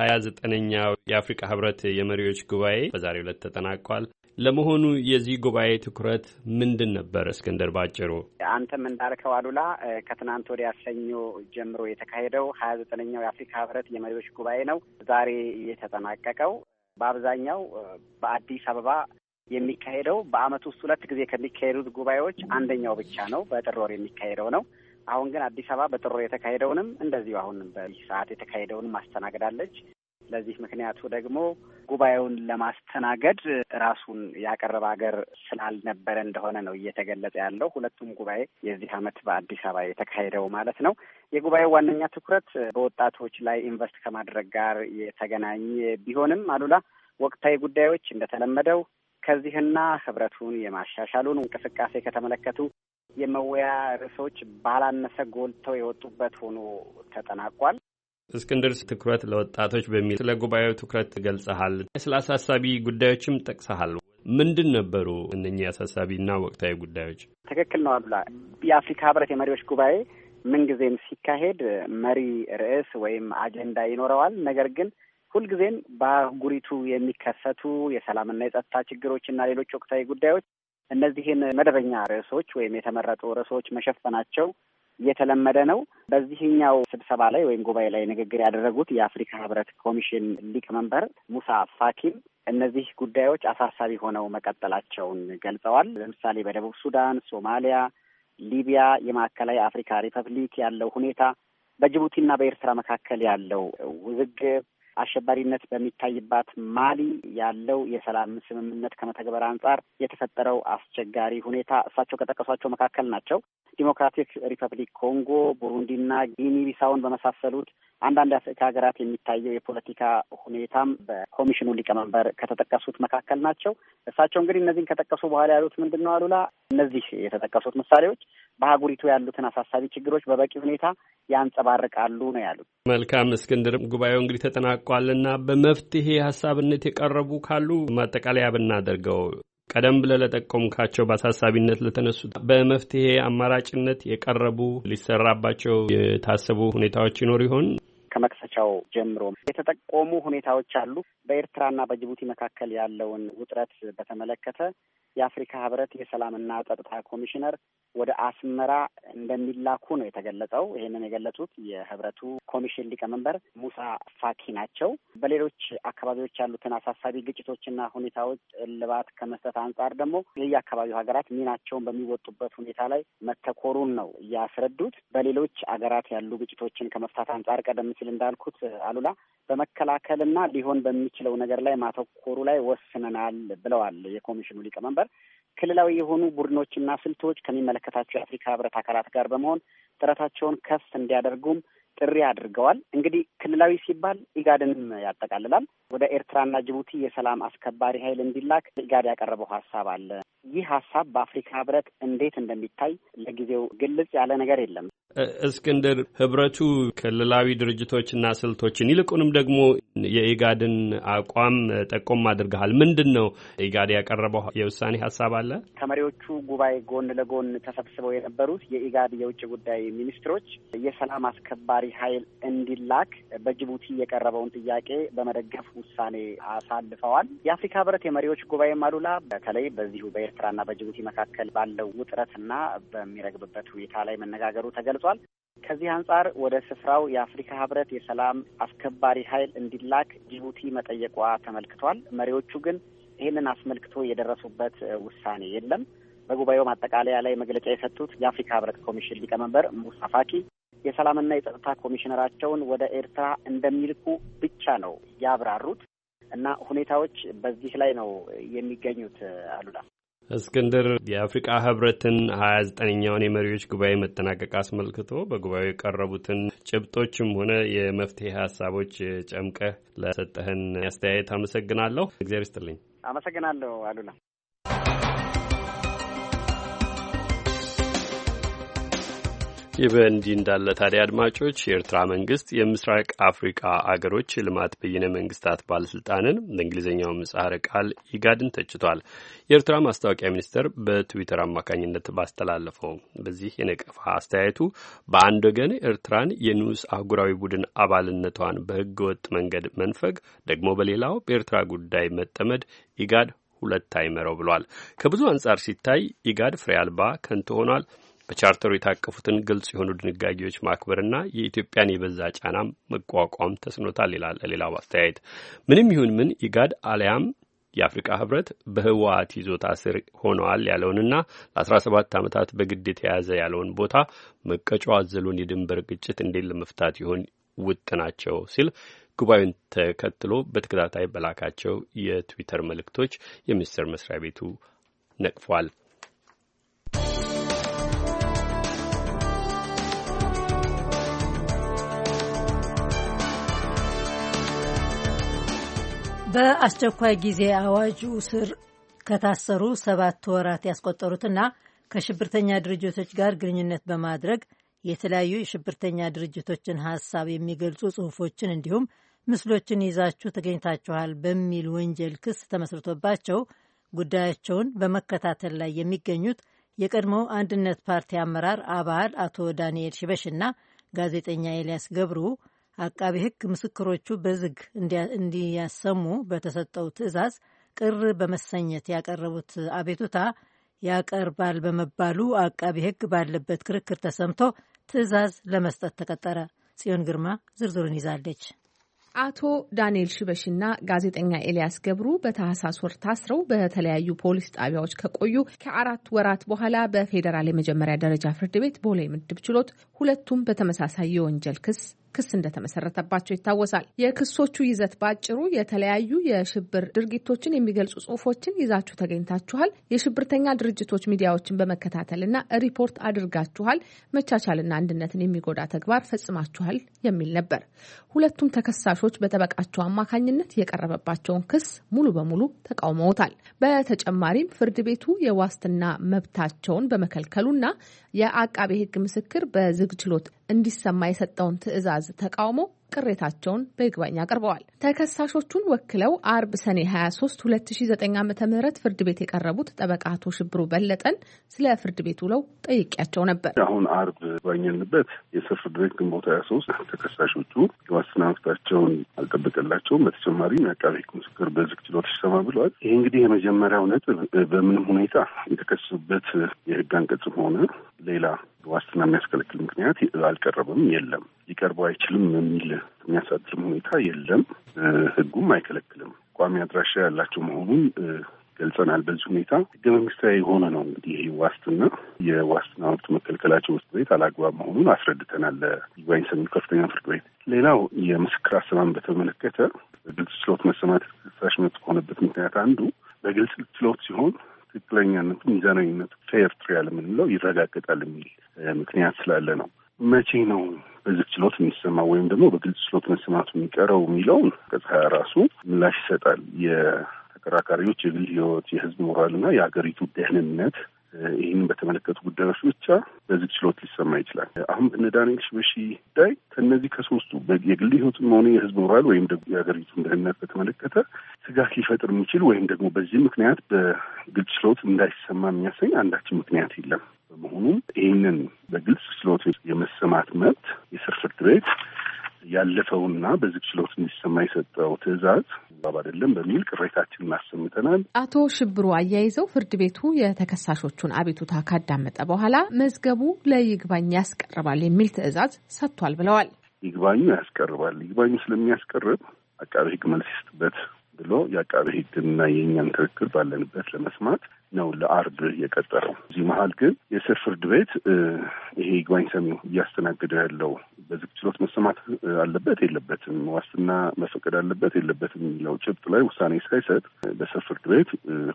ሀያ ዘጠነኛው የአፍሪቃ ህብረት የመሪዎች ጉባኤ በዛሬ ዕለት ተጠናቋል። ለመሆኑ የዚህ ጉባኤ ትኩረት ምንድን ነበር? እስክንድር ባጭሩ አንተም እንዳልከው አሉላ ከትናንት ወደ ያሰኞ ጀምሮ የተካሄደው ሀያ ዘጠነኛው የአፍሪካ ህብረት የመሪዎች ጉባኤ ነው ዛሬ የተጠናቀቀው። በአብዛኛው በአዲስ አበባ የሚካሄደው በአመት ውስጥ ሁለት ጊዜ ከሚካሄዱት ጉባኤዎች አንደኛው ብቻ ነው፣ በጥር ወር የሚካሄደው ነው። አሁን ግን አዲስ አበባ በጥር ወር የተካሄደውንም እንደዚሁ አሁን በዚህ ሰዓት የተካሄደውንም አስተናግዳለች። ለዚህ ምክንያቱ ደግሞ ጉባኤውን ለማስተናገድ ራሱን ያቀረበ ሀገር ስላልነበረ እንደሆነ ነው እየተገለጸ ያለው። ሁለቱም ጉባኤ የዚህ ዓመት በአዲስ አበባ የተካሄደው ማለት ነው። የጉባኤው ዋነኛ ትኩረት በወጣቶች ላይ ኢንቨስት ከማድረግ ጋር የተገናኘ ቢሆንም አሉላ ወቅታዊ ጉዳዮች እንደተለመደው ከዚህና ህብረቱን የማሻሻሉን እንቅስቃሴ ከተመለከቱ የመወያ ርዕሶች ባላነሰ ጎልተው የወጡበት ሆኖ ተጠናቋል። እስክንድር ትኩረት ለወጣቶች በሚል ስለ ጉባኤው ትኩረት ገልጸሃል። ስለ አሳሳቢ ጉዳዮችም ጠቅሰሃል። ምንድን ነበሩ እነኚህ አሳሳቢና ወቅታዊ ጉዳዮች? ትክክል ነው አብላ የአፍሪካ ህብረት የመሪዎች ጉባኤ ምንጊዜም ሲካሄድ መሪ ርዕስ ወይም አጀንዳ ይኖረዋል። ነገር ግን ሁልጊዜም በአህጉሪቱ የሚከሰቱ የሰላምና የጸጥታ ችግሮች እና ሌሎች ወቅታዊ ጉዳዮች እነዚህን መደበኛ ርዕሶች ወይም የተመረጡ ርዕሶች መሸፈናቸው እየተለመደ ነው። በዚህኛው ስብሰባ ላይ ወይም ጉባኤ ላይ ንግግር ያደረጉት የአፍሪካ ህብረት ኮሚሽን ሊቀመንበር ሙሳ ፋኪም እነዚህ ጉዳዮች አሳሳቢ ሆነው መቀጠላቸውን ገልጸዋል። ለምሳሌ በደቡብ ሱዳን፣ ሶማሊያ፣ ሊቢያ፣ የማዕከላዊ አፍሪካ ሪፐብሊክ ያለው ሁኔታ፣ በጅቡቲና በኤርትራ መካከል ያለው ውዝግብ አሸባሪነት በሚታይባት ማሊ ያለው የሰላም ስምምነት ከመተግበር አንጻር የተፈጠረው አስቸጋሪ ሁኔታ እሳቸው ከጠቀሷቸው መካከል ናቸው። ዲሞክራቲክ ሪፐብሊክ ኮንጎ፣ ቡሩንዲና ጊኒ ቢሳውን በመሳሰሉት አንዳንድ አፍሪካ ሀገራት የሚታየው የፖለቲካ ሁኔታም በኮሚሽኑ ሊቀመንበር ከተጠቀሱት መካከል ናቸው። እሳቸው እንግዲህ እነዚህን ከጠቀሱ በኋላ ያሉት ምንድን ነው? አሉላ እነዚህ የተጠቀሱት ምሳሌዎች በአህጉሪቱ ያሉትን አሳሳቢ ችግሮች በበቂ ሁኔታ ያንጸባርቃሉ ነው ያሉት። መልካም እስክንድር፣ ጉባኤው እንግዲህ ተጠናቋልና በመፍትሄ ሀሳብነት የቀረቡ ካሉ ማጠቃለያ ብናደርገው ቀደም ብለህ ለጠቆምካቸው በአሳሳቢነት ለተነሱት በመፍትሄ አማራጭነት የቀረቡ ሊሰራባቸው የታሰቡ ሁኔታዎች ይኖር ይሆን? ከመክሰቻው ጀምሮ የተጠቆሙ ሁኔታዎች አሉ። በኤርትራና በጅቡቲ መካከል ያለውን ውጥረት በተመለከተ የአፍሪካ ህብረት የሰላምና ጸጥታ ኮሚሽነር ወደ አስመራ እንደሚላኩ ነው የተገለጸው። ይህንን የገለጹት የህብረቱ ኮሚሽን ሊቀመንበር ሙሳ ፋኪ ናቸው። በሌሎች አካባቢዎች ያሉትን አሳሳቢ ግጭቶችና ሁኔታዎች እልባት ከመስጠት አንጻር ደግሞ የየአካባቢው ሀገራት ሚናቸውን በሚወጡበት ሁኔታ ላይ መተኮሩን ነው ያስረዱት። በሌሎች አገራት ያሉ ግጭቶችን ከመፍታት አንጻር ቀደም በትክክል እንዳልኩት አሉላ በመከላከልና ሊሆን በሚችለው ነገር ላይ ማተኮሩ ላይ ወስነናል ብለዋል የኮሚሽኑ ሊቀመንበር። ክልላዊ የሆኑ ቡድኖችና ስልቶች ከሚመለከታቸው የአፍሪካ ሕብረት አካላት ጋር በመሆን ጥረታቸውን ከፍ እንዲያደርጉም ጥሪ አድርገዋል። እንግዲህ ክልላዊ ሲባል ኢጋድንም ያጠቃልላል። ወደ ኤርትራና ጅቡቲ የሰላም አስከባሪ ኃይል እንዲላክ ኢጋድ ያቀረበው ሀሳብ አለ። ይህ ሀሳብ በአፍሪካ ህብረት እንዴት እንደሚታይ ለጊዜው ግልጽ ያለ ነገር የለም። እስክንድር፣ ህብረቱ ክልላዊ ድርጅቶችና ስልቶችን ይልቁንም ደግሞ የኢጋድን አቋም ጠቆም አድርገሃል። ምንድን ነው ኢጋድ ያቀረበው የውሳኔ ሀሳብ አለ? ከመሪዎቹ ጉባኤ ጎን ለጎን ተሰብስበው የነበሩት የኢጋድ የውጭ ጉዳይ ሚኒስትሮች የሰላም አስከባሪ ኃይል እንዲላክ በጅቡቲ የቀረበውን ጥያቄ በመደገፍ ውሳኔ አሳልፈዋል። የአፍሪካ ህብረት የመሪዎች ጉባኤ ማሉላ በተለይ በዚሁ በ በኤርትራና በጅቡቲ መካከል ባለው ውጥረትና በሚረግብበት ሁኔታ ላይ መነጋገሩ ተገልጿል። ከዚህ አንጻር ወደ ስፍራው የአፍሪካ ህብረት የሰላም አስከባሪ ኃይል እንዲላክ ጅቡቲ መጠየቋ ተመልክቷል። መሪዎቹ ግን ይህንን አስመልክቶ የደረሱበት ውሳኔ የለም። በጉባኤው ማጠቃለያ ላይ መግለጫ የሰጡት የአፍሪካ ህብረት ኮሚሽን ሊቀመንበር ሙሳ ፋኪ የሰላምና የጸጥታ ኮሚሽነራቸውን ወደ ኤርትራ እንደሚልኩ ብቻ ነው ያብራሩት እና ሁኔታዎች በዚህ ላይ ነው የሚገኙት። አሉላ እስክንድር የአፍሪቃ ህብረትን ሀያ ዘጠነኛውን የመሪዎች ጉባኤ መጠናቀቅ አስመልክቶ በጉባኤው የቀረቡትን ጭብጦችም ሆነ የመፍትሄ ሀሳቦች ጨምቀህ ለሰጠህን አስተያየት አመሰግናለሁ። እግዚአብሔር ይስጥልኝ። አመሰግናለሁ አሉላ። ይህ በእንዲህ እንዳለ ታዲያ አድማጮች የኤርትራ መንግስት የምስራቅ አፍሪቃ አገሮች የልማት በይነ መንግስታት ባለስልጣንን በእንግሊዝኛው ምጻረ ቃል ኢጋድን ተችቷል። የኤርትራ ማስታወቂያ ሚኒስተር በትዊተር አማካኝነት ባስተላለፈው በዚህ የነቀፋ አስተያየቱ በአንድ ወገን ኤርትራን የንዑስ አህጉራዊ ቡድን አባልነቷን በህገ ወጥ መንገድ መንፈግ፣ ደግሞ በሌላው በኤርትራ ጉዳይ መጠመድ ኢጋድ ሁለት አይመረው ብሏል። ከብዙ አንጻር ሲታይ ኢጋድ ፍሬ አልባ ከንቱ ሆኗል። በቻርተሩ የታቀፉትን ግልጽ የሆኑ ድንጋጌዎች ማክበርና የኢትዮጵያን የበዛ ጫና መቋቋም ተስኖታል ይላል ሌላው አስተያየት። ምንም ይሁን ምን ኢጋድ አሊያም የአፍሪቃ ህብረት በህወሓት ይዞታ ስር ሆነዋል ያለውንና ለ17 ዓመታት በግድ የተያዘ ያለውን ቦታ መቀጮ አዘሉን የድንበር ግጭት እንዴት ለመፍታት ይሆን ውጥ ናቸው ሲል ጉባኤውን ተከትሎ በተከታታይ በላካቸው የትዊተር መልእክቶች የሚኒስቴር መስሪያ ቤቱ ነቅፏል። በአስቸኳይ ጊዜ አዋጁ ስር ከታሰሩ ሰባት ወራት ያስቆጠሩትና ከሽብርተኛ ድርጅቶች ጋር ግንኙነት በማድረግ የተለያዩ የሽብርተኛ ድርጅቶችን ሀሳብ የሚገልጹ ጽሁፎችን እንዲሁም ምስሎችን ይዛችሁ ተገኝታችኋል በሚል ወንጀል ክስ ተመስርቶባቸው ጉዳያቸውን በመከታተል ላይ የሚገኙት የቀድሞው አንድነት ፓርቲ አመራር አባል አቶ ዳንኤል ሽበሽና ጋዜጠኛ ኤልያስ ገብሩ አቃቢ ሕግ ምስክሮቹ በዝግ እንዲያሰሙ በተሰጠው ትዕዛዝ ቅር በመሰኘት ያቀረቡት አቤቱታ ያቀርባል በመባሉ አቃቢ ሕግ ባለበት ክርክር ተሰምቶ ትዕዛዝ ለመስጠት ተቀጠረ። ጽዮን ግርማ ዝርዝሩን ይዛለች። አቶ ዳንኤል ሽበሽና ጋዜጠኛ ኤልያስ ገብሩ በታህሳስ ወር ታስረው በተለያዩ ፖሊስ ጣቢያዎች ከቆዩ ከአራት ወራት በኋላ በፌዴራል የመጀመሪያ ደረጃ ፍርድ ቤት ቦሌ ምድብ ችሎት ሁለቱም በተመሳሳይ የወንጀል ክስ ክስ እንደተመሰረተባቸው ይታወሳል። የክሶቹ ይዘት ባጭሩ የተለያዩ የሽብር ድርጊቶችን የሚገልጹ ጽሁፎችን ይዛችሁ ተገኝታችኋል፣ የሽብርተኛ ድርጅቶች ሚዲያዎችን በመከታተልና ሪፖርት አድርጋችኋል፣ መቻቻልና አንድነትን የሚጎዳ ተግባር ፈጽማችኋል የሚል ነበር። ሁለቱም ተከሳሾች በጠበቃቸው አማካኝነት የቀረበባቸውን ክስ ሙሉ በሙሉ ተቃውመውታል። በተጨማሪም ፍርድ ቤቱ የዋስትና መብታቸውን በመከልከሉና የአቃቤ ሕግ ምስክር በዝግ ችሎት እንዲሰማ የሰጠውን ትዕዛዝ ተቃውሞ ቅሬታቸውን በይግባኝ አቅርበዋል። ተከሳሾቹን ወክለው አርብ ሰኔ 23 2009 ዓ ም ፍርድ ቤት የቀረቡት ጠበቃ አቶ ሽብሩ በለጠን ስለ ፍርድ ቤት ውለው ጠይቂያቸው ነበር። አሁን አርብ ባኘንበት የስር ፍርድ ቤት ግንቦት 23 ተከሳሾቹ የዋስትና መብታቸውን አልጠበቀላቸውም። በተጨማሪም የአቃቤ ሕግ ምስክር በዝግ ችሎት ሲሰማ ብለዋል። ይህ እንግዲህ የመጀመሪያው ነጥብ በምንም ሁኔታ የተከሰሱበት የህግ አንቀጽም ሆነ ሌላ ዋስትና የሚያስከለክል ምክንያት አልቀረበም የለም። ሊቀርቡ አይችልም የሚል የሚያሳድርም ሁኔታ የለም። ህጉም አይከለክልም። ቋሚ አድራሻ ያላቸው መሆኑን ገልጸናል። በዚህ ሁኔታ ህገ መንግስታዊ የሆነ ነው እንግዲህ ይህ ዋስትና የዋስትና መብት መከልከላቸው ውስጥ ቤት አላግባብ መሆኑን አስረድተናል ለይግባኝ ሰሚ ከፍተኛ ፍርድ ቤት። ሌላው የምስክር አሰማን በተመለከተ በግልጽ ችሎት መሰማት ተከሳሽ መብት ከሆነበት ምክንያት አንዱ በግልጽ ችሎት ሲሆን ትክክለኛነቱ፣ ሚዛናዊነቱ ፌር ትሪያል የምንለው ይረጋገጣል የሚል ምክንያት ስላለ ነው። መቼ ነው በዚህ ችሎት የሚሰማው ወይም ደግሞ በግልጽ ችሎት መሰማቱ የሚቀረው የሚለውን ከፀሐይ ራሱ ምላሽ ይሰጣል። የተከራካሪዎች የግል ህይወት የህዝብ ሞራልና የሀገሪቱ ደህንነት ይህንን በተመለከቱ ጉዳዮች ብቻ በዚህ ችሎት ሊሰማ ይችላል። አሁን በነ ዳንኤል ሽበሺ ጉዳይ ከእነዚህ ከሶስቱ የግል ህይወትን መሆኑ የህዝብ ሞራል ወይም ደግሞ የሀገሪቱን ደህንነት በተመለከተ ስጋት ሊፈጥር የሚችል ወይም ደግሞ በዚህ ምክንያት በግልጽ ችሎት እንዳይሰማ የሚያሰኝ አንዳችን ምክንያት የለም። በመሆኑም ይህንን በግልጽ ችሎት የመሰማት መብት የስር ፍርድ ቤት ያለፈውና በዚህ ችሎት እንዲሰማ የሰጠው ትዕዛዝ ባብ አይደለም በሚል ቅሬታችንን አሰምተናል። አቶ ሽብሩ አያይዘው ፍርድ ቤቱ የተከሳሾቹን አቤቱታ ካዳመጠ በኋላ መዝገቡ ለይግባኝ ያስቀርባል የሚል ትዕዛዝ ሰጥቷል ብለዋል። ይግባኙ ያስቀርባል። ይግባኙ ስለሚያስቀርብ አቃቤ ሕግ መልስ ይስጥበት ብሎ የአቃቤ ሕግና የእኛን ክርክር ባለንበት ለመስማት ነው ለአርብ የቀጠረው። እዚህ መሀል ግን የስር ፍርድ ቤት ይሄ ይግባኝ ሰሚ እያስተናገደ ያለው በዝግ ችሎት መሰማት አለበት የለበትም፣ ዋስትና መፈቀድ አለበት የለበትም የሚለው ጭብጥ ላይ ውሳኔ ሳይሰጥ በስር ፍርድ ቤት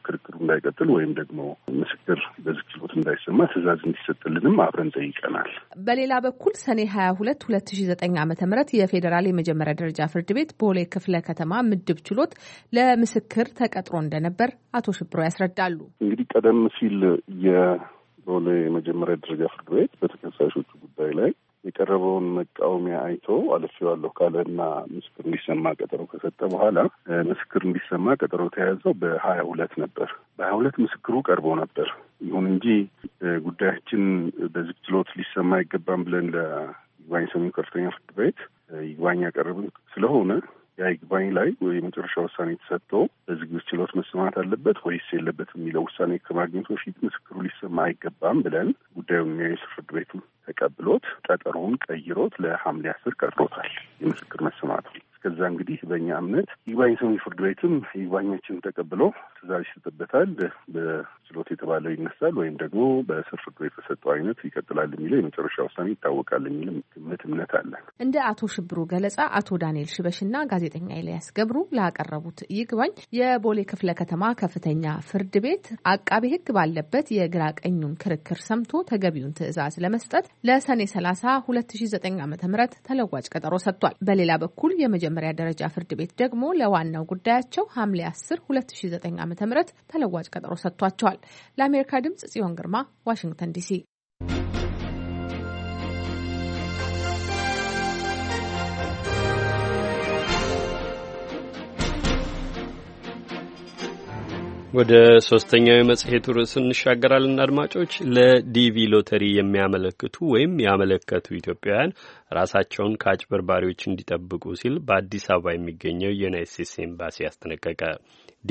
ክርክሩ እንዳይቀጥል ወይም ደግሞ ምስክር በዝግ ችሎት እንዳይሰማ ትዕዛዝ እንዲሰጥልንም አብረን ጠይቀናል። በሌላ በኩል ሰኔ ሀያ ሁለት ሁለት ሺ ዘጠኝ ዓመተ ምህረት የፌዴራል የመጀመሪያ ደረጃ ፍርድ ቤት ቦሌ ክፍለ ከተማ ምድብ ችሎት ለምስክር ተቀጥሮ እንደነበር አቶ ሽብሮ ያስረዳሉ። እንግዲህ ቀደም ሲል የቦሌ የመጀመሪያ ደረጃ ፍርድ ቤት በተከሳሾቹ ጉዳይ ላይ የቀረበውን መቃወሚያ አይቶ አልፌዋለሁ ካለና ምስክር እንዲሰማ ቀጠሮ ከሰጠ በኋላ ምስክር እንዲሰማ ቀጠሮ ተያዘው በሀያ ሁለት ነበር። በሀያ ሁለት ምስክሩ ቀርቦ ነበር። ይሁን እንጂ ጉዳያችን በዚህ ችሎት ሊሰማ አይገባም ብለን ለይግባኝ ሰሚው ከፍተኛ ፍርድ ቤት ይግባኝ ያቀረብን ስለሆነ ይግባኝ ላይ የመጨረሻ ውሳኔ የተሰጠው በዝግ ችሎት መሰማት አለበት ወይስ የለበት የሚለው ውሳኔ ከማግኘቱ በፊት ምስክሩ ሊሰማ አይገባም ብለን ጉዳዩ የሚያዩስ ፍርድ ቤቱ ተቀብሎት ቀጠሮውን ቀይሮት ለሐምሌ አስር ቀጥሮታል የምስክር መሰማቱ ከዛ እንግዲህ በእኛ እምነት ይግባኝ ሰሚ ፍርድ ቤትም ይግባኛችን ተቀብሎ ትዕዛዝ ይሰጥበታል። በችሎት የተባለው ይነሳል ወይም ደግሞ በእስር ፍርድ ቤት ተሰጠው አይነት ይቀጥላል የሚለው የመጨረሻ ውሳኔ ይታወቃል የሚልም ግምት እምነት አለን። እንደ አቶ ሽብሩ ገለጻ አቶ ዳንኤል ሽበሽና ጋዜጠኛ ኤልያስ ገብሩ ላቀረቡት ይግባኝ የቦሌ ክፍለ ከተማ ከፍተኛ ፍርድ ቤት አቃቤ ሕግ ባለበት የግራ ቀኙን ክርክር ሰምቶ ተገቢውን ትዕዛዝ ለመስጠት ለሰኔ 30 2009 ዓ ም ተለዋጭ ቀጠሮ ሰጥቷል። በሌላ በኩል የመጀመ የመጀመሪያ ደረጃ ፍርድ ቤት ደግሞ ለዋናው ጉዳያቸው ሐምሌ 10 2009 ዓ ም ተለዋጭ ቀጠሮ ሰጥቷቸዋል። ለአሜሪካ ድምጽ ጽዮን ግርማ ዋሽንግተን ዲሲ ወደ ሶስተኛው የመጽሔቱ ርዕስ እንሻገራለን። አድማጮች ለዲቪ ሎተሪ የሚያመለክቱ ወይም ያመለከቱ ኢትዮጵያውያን ራሳቸውን ከአጭበርባሪዎች እንዲጠብቁ ሲል በአዲስ አበባ የሚገኘው የዩናይት ስቴትስ ኤምባሲ አስጠነቀቀ።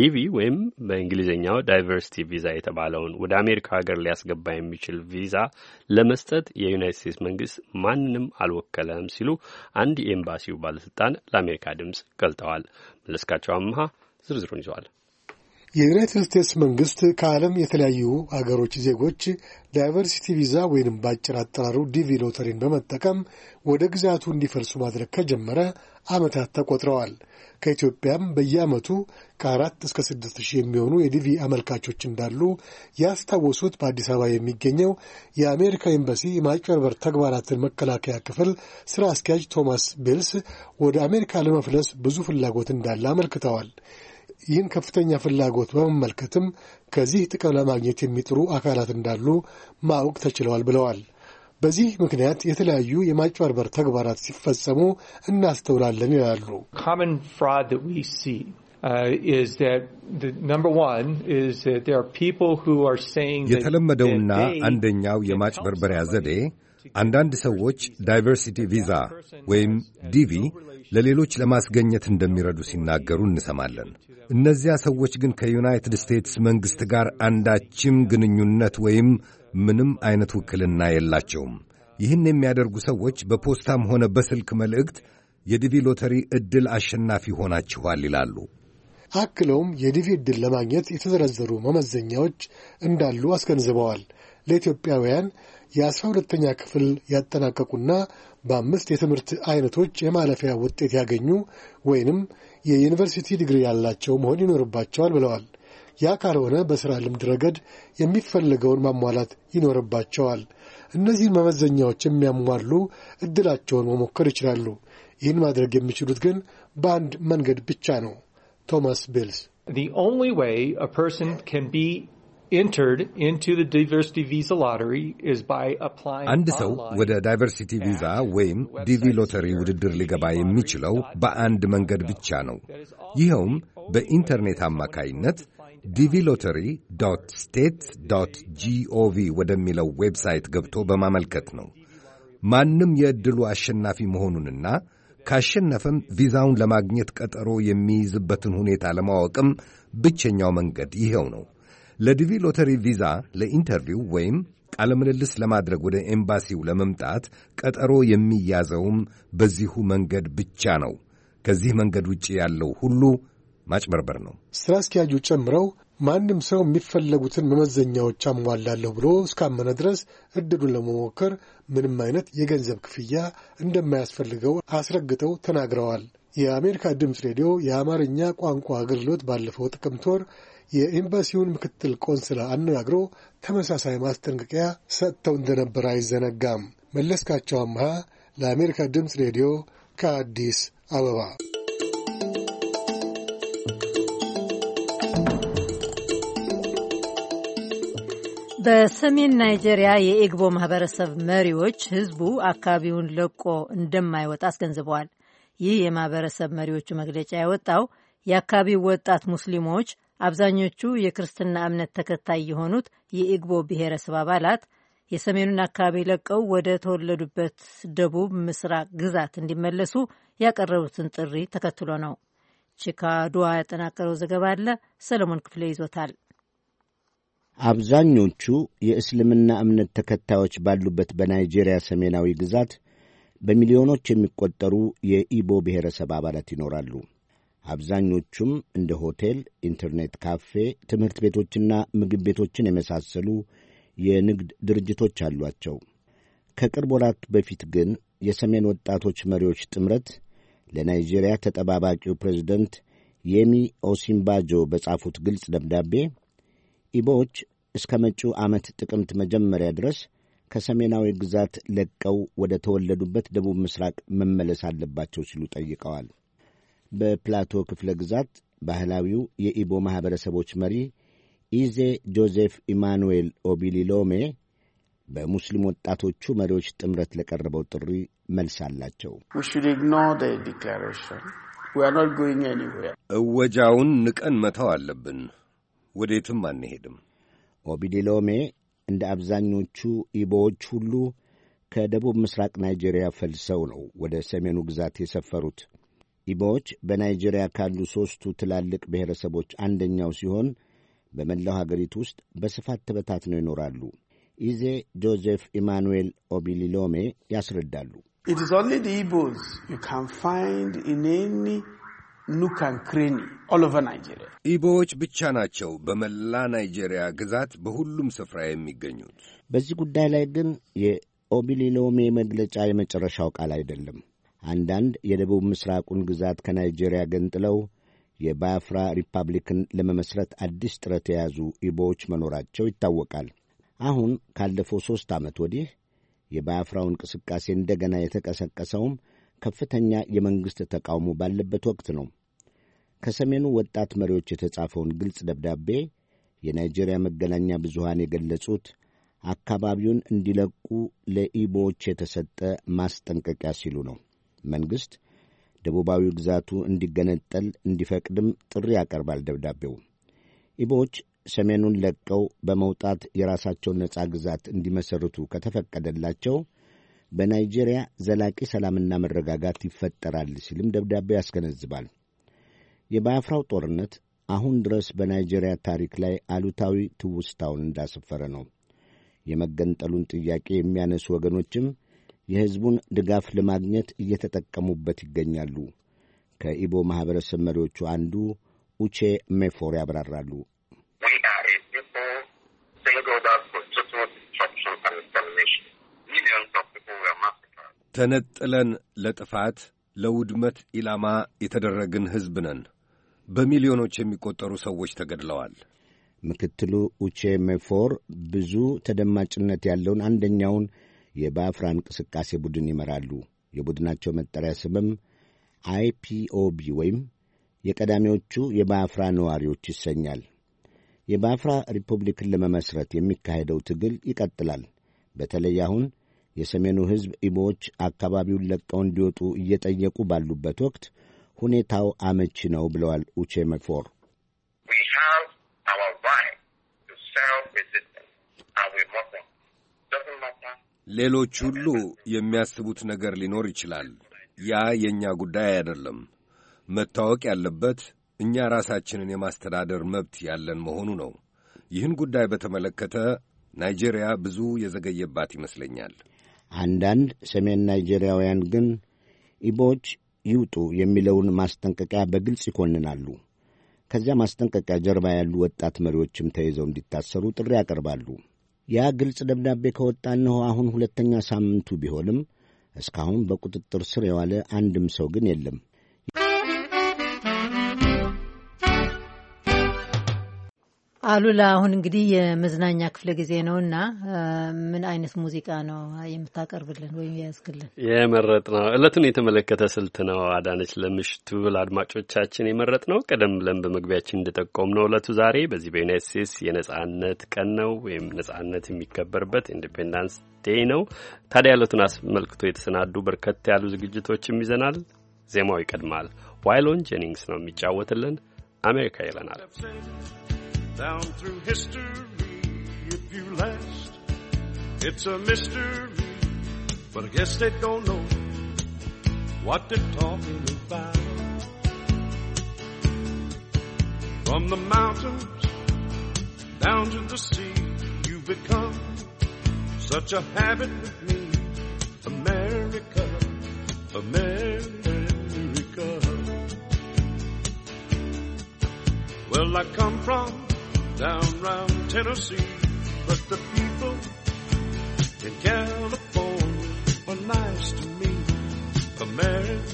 ዲቪ ወይም በእንግሊዝኛው ዳይቨርሲቲ ቪዛ የተባለውን ወደ አሜሪካ ሀገር ሊያስገባ የሚችል ቪዛ ለመስጠት የዩናይት ስቴትስ መንግስት ማንንም አልወከለም ሲሉ አንድ የኤምባሲው ባለስልጣን ለአሜሪካ ድምፅ ገልጠዋል። መለስካቸው አምሃ ዝርዝሩን ይዘዋል። የዩናይትድ ስቴትስ መንግስት ከዓለም የተለያዩ አገሮች ዜጎች ዳይቨርሲቲ ቪዛ ወይንም በአጭር አጠራሩ ዲቪ ሎተሪን በመጠቀም ወደ ግዛቱ እንዲፈልሱ ማድረግ ከጀመረ ዓመታት ተቆጥረዋል። ከኢትዮጵያም በየዓመቱ ከአራት እስከ ስድስት ሺህ የሚሆኑ የዲቪ አመልካቾች እንዳሉ ያስታወሱት በአዲስ አበባ የሚገኘው የአሜሪካ ኤምባሲ የማጭበርበር ተግባራትን መከላከያ ክፍል ስራ አስኪያጅ ቶማስ ቤልስ ወደ አሜሪካ ለመፍለስ ብዙ ፍላጎት እንዳለ አመልክተዋል። ይህን ከፍተኛ ፍላጎት በመመልከትም ከዚህ ጥቅም ለማግኘት የሚጥሩ አካላት እንዳሉ ማወቅ ተችለዋል ብለዋል። በዚህ ምክንያት የተለያዩ የማጭበርበር ተግባራት ሲፈጸሙ እናስተውላለን ይላሉ። uh, የተለመደውና አንደኛው የማጭበርበሪያ ዘዴ አንዳንድ ሰዎች ዳይቨርሲቲ ቪዛ ወይም ዲቪ ለሌሎች ለማስገኘት እንደሚረዱ ሲናገሩ እንሰማለን። እነዚያ ሰዎች ግን ከዩናይትድ ስቴትስ መንግሥት ጋር አንዳችም ግንኙነት ወይም ምንም አይነት ውክልና የላቸውም። ይህን የሚያደርጉ ሰዎች በፖስታም ሆነ በስልክ መልእክት የዲቪ ሎተሪ ዕድል አሸናፊ ሆናችኋል ይላሉ። አክለውም የዲቪ ዕድል ለማግኘት የተዘረዘሩ መመዘኛዎች እንዳሉ አስገንዝበዋል። ለኢትዮጵያውያን የአስራ ሁለተኛ ክፍል ያጠናቀቁና በአምስት የትምህርት አይነቶች የማለፊያ ውጤት ያገኙ ወይንም የዩኒቨርሲቲ ዲግሪ ያላቸው መሆን ይኖርባቸዋል ብለዋል። ያ ካልሆነ በሥራ ልምድ ረገድ የሚፈለገውን ማሟላት ይኖርባቸዋል። እነዚህን መመዘኛዎች የሚያሟሉ ዕድላቸውን መሞከር ይችላሉ። ይህን ማድረግ የሚችሉት ግን በአንድ መንገድ ብቻ ነው። ቶማስ ቤልስ The only way a person can be አንድ ሰው ወደ ዳይቨርሲቲ ቪዛ ወይም ዲቪ ሎተሪ ውድድር ሊገባ የሚችለው በአንድ መንገድ ብቻ ነው። ይኸውም በኢንተርኔት አማካይነት ዲቪ ሎተሪ ዶት ስቴት ዶት ጂኦቪ ወደሚለው ዌብሳይት ገብቶ በማመልከት ነው። ማንም የዕድሉ አሸናፊ መሆኑንና ካሸነፈም ቪዛውን ለማግኘት ቀጠሮ የሚይዝበትን ሁኔታ ለማወቅም ብቸኛው መንገድ ይኸው ነው። ለዲቪ ሎተሪ ቪዛ ለኢንተርቪው ወይም ቃለ ምልልስ ለማድረግ ወደ ኤምባሲው ለመምጣት ቀጠሮ የሚያዘውም በዚሁ መንገድ ብቻ ነው። ከዚህ መንገድ ውጭ ያለው ሁሉ ማጭበርበር ነው። ሥራ አስኪያጁ ጨምረው ማንም ሰው የሚፈለጉትን መመዘኛዎች አሟላለሁ ብሎ እስካመነ ድረስ እድሉን ለመሞከር ምንም አይነት የገንዘብ ክፍያ እንደማያስፈልገው አስረግጠው ተናግረዋል። የአሜሪካ ድምፅ ሬዲዮ የአማርኛ ቋንቋ አገልግሎት ባለፈው ጥቅምት ወር የኤምባሲውን ምክትል ቆንስላ አነጋግሮ ተመሳሳይ ማስጠንቀቂያ ሰጥተው እንደነበር አይዘነጋም። መለስካቸው አምሃ ለአሜሪካ ድምፅ ሬዲዮ ከአዲስ አበባ በሰሜን ናይጄሪያ የኢግቦ ማህበረሰብ መሪዎች ህዝቡ አካባቢውን ለቆ እንደማይወጣ አስገንዝበዋል። ይህ የማህበረሰብ መሪዎቹ መግለጫ የወጣው የአካባቢው ወጣት ሙስሊሞች አብዛኞቹ የክርስትና እምነት ተከታይ የሆኑት የኢግቦ ብሔረሰብ አባላት የሰሜኑን አካባቢ ለቀው ወደ ተወለዱበት ደቡብ ምስራቅ ግዛት እንዲመለሱ ያቀረቡትን ጥሪ ተከትሎ ነው። ቺካዶዋ ያጠናቀረው ዘገባ አለ፣ ሰለሞን ክፍሌ ይዞታል። አብዛኞቹ የእስልምና እምነት ተከታዮች ባሉበት በናይጄሪያ ሰሜናዊ ግዛት በሚሊዮኖች የሚቆጠሩ የኢቦ ብሔረሰብ አባላት ይኖራሉ። አብዛኞቹም እንደ ሆቴል፣ ኢንተርኔት ካፌ፣ ትምህርት ቤቶችና ምግብ ቤቶችን የመሳሰሉ የንግድ ድርጅቶች አሏቸው። ከቅርብ ወራት በፊት ግን የሰሜን ወጣቶች መሪዎች ጥምረት ለናይጄሪያ ተጠባባቂው ፕሬዝደንት የሚ ኦሲምባጆ በጻፉት ግልጽ ደብዳቤ ኢቦዎች እስከ መጪው ዓመት ጥቅምት መጀመሪያ ድረስ ከሰሜናዊ ግዛት ለቀው ወደ ተወለዱበት ደቡብ ምስራቅ መመለስ አለባቸው ሲሉ ጠይቀዋል። በፕላቶ ክፍለ ግዛት ባህላዊው የኢቦ ማኅበረሰቦች መሪ ኢዜ ጆዜፍ ኢማኑኤል ኦቢሊሎሜ በሙስሊም ወጣቶቹ መሪዎች ጥምረት ለቀረበው ጥሪ መልስ አላቸው። እወጃውን ንቀን መተው አለብን። ወዴትም አንሄድም። ኦቢሊሎሜ እንደ አብዛኞቹ ኢቦዎች ሁሉ ከደቡብ ምስራቅ ናይጄሪያ ፈልሰው ነው ወደ ሰሜኑ ግዛት የሰፈሩት። ኢቦዎች በናይጄሪያ ካሉ ሦስቱ ትላልቅ ብሔረሰቦች አንደኛው ሲሆን በመላው አገሪቱ ውስጥ በስፋት ተበታትነው ይኖራሉ። ኢዜ ጆዜፍ ኢማኑዌል ኦቢሊሎሜ ያስረዳሉ። ኢቦዎች ብቻ ናቸው በመላ ናይጄሪያ ግዛት በሁሉም ስፍራ የሚገኙት። በዚህ ጉዳይ ላይ ግን የኦቢሊሎሜ መግለጫ የመጨረሻው ቃል አይደለም። አንዳንድ የደቡብ ምስራቁን ግዛት ከናይጄሪያ ገንጥለው የባያፍራ ሪፐብሊክን ለመመስረት አዲስ ጥረት የያዙ ኢቦዎች መኖራቸው ይታወቃል። አሁን ካለፈው ሦስት ዓመት ወዲህ የባያፍራው እንቅስቃሴ እንደገና የተቀሰቀሰውም ከፍተኛ የመንግሥት ተቃውሞ ባለበት ወቅት ነው። ከሰሜኑ ወጣት መሪዎች የተጻፈውን ግልጽ ደብዳቤ የናይጄሪያ መገናኛ ብዙሃን የገለጹት አካባቢውን እንዲለቁ ለኢቦዎች የተሰጠ ማስጠንቀቂያ ሲሉ ነው። መንግሥት ደቡባዊ ግዛቱ እንዲገነጠል እንዲፈቅድም ጥሪ ያቀርባል ደብዳቤው። ኢቦች ሰሜኑን ለቀው በመውጣት የራሳቸውን ነጻ ግዛት እንዲመሠርቱ ከተፈቀደላቸው በናይጄሪያ ዘላቂ ሰላምና መረጋጋት ይፈጠራል ሲልም ደብዳቤው ያስገነዝባል። የባያፍራው ጦርነት አሁን ድረስ በናይጄሪያ ታሪክ ላይ አሉታዊ ትውስታውን እንዳሰፈረ ነው። የመገንጠሉን ጥያቄ የሚያነሱ ወገኖችም የሕዝቡን ድጋፍ ለማግኘት እየተጠቀሙበት ይገኛሉ። ከኢቦ ማኅበረሰብ መሪዎቹ አንዱ ኡቼ ሜፎር ያብራራሉ። ተነጥለን ለጥፋት ለውድመት ኢላማ የተደረግን ሕዝብ ነን። በሚሊዮኖች የሚቆጠሩ ሰዎች ተገድለዋል። ምክትሉ ኡቼ ሜፎር ብዙ ተደማጭነት ያለውን አንደኛውን የባፍራ እንቅስቃሴ ቡድን ይመራሉ። የቡድናቸው መጠሪያ ስምም አይፒኦቢ ወይም የቀዳሚዎቹ የባፍራ ነዋሪዎች ይሰኛል። የባፍራ ሪፑብሊክን ለመመስረት የሚካሄደው ትግል ይቀጥላል። በተለይ አሁን የሰሜኑ ሕዝብ ኢቦዎች አካባቢውን ለቀው እንዲወጡ እየጠየቁ ባሉበት ወቅት ሁኔታው አመቺ ነው ብለዋል ኡቼ መፎር። ሌሎች ሁሉ የሚያስቡት ነገር ሊኖር ይችላል። ያ የእኛ ጉዳይ አይደለም። መታወቅ ያለበት እኛ ራሳችንን የማስተዳደር መብት ያለን መሆኑ ነው። ይህን ጉዳይ በተመለከተ ናይጄሪያ ብዙ የዘገየባት ይመስለኛል። አንዳንድ ሰሜን ናይጄሪያውያን ግን ኢቦች ይውጡ የሚለውን ማስጠንቀቂያ በግልጽ ይኮንናሉ። ከዚያ ማስጠንቀቂያ ጀርባ ያሉ ወጣት መሪዎችም ተይዘው እንዲታሰሩ ጥሪ ያቀርባሉ። ያ ግልጽ ደብዳቤ ከወጣ እነሆ አሁን ሁለተኛ ሳምንቱ ቢሆንም እስካሁን በቁጥጥር ስር የዋለ አንድም ሰው ግን የለም። አሉላ፣ አሁን እንግዲህ የመዝናኛ ክፍለ ጊዜ ነው እና ምን አይነት ሙዚቃ ነው የምታቀርብልን ወይም የያዝክልን? የመረጥ ነው እለቱን የተመለከተ ስልት ነው አዳነች። ለምሽቱ ለአድማጮቻችን የመረጥ ነው ቀደም ብለን በመግቢያችን እንደጠቆም ነው እለቱ ዛሬ በዚህ በዩናይት ስቴትስ የነጻነት ቀን ነው ወይም ነጻነት የሚከበርበት ኢንዲፔንዳንስ ዴይ ነው። ታዲያ እለቱን አስመልክቶ የተሰናዱ በርከት ያሉ ዝግጅቶችም ይዘናል። ዜማው ይቀድማል። ዋይሎን ጄኒንግስ ነው የሚጫወትልን። አሜሪካ ይለናል። down through history if you last. It's a mystery, but I guess they don't know what they're talking about. From the mountains down to the sea, you become such a habit with me, America, America. Well, I come from down round Tennessee, but the people in California were nice to me. America,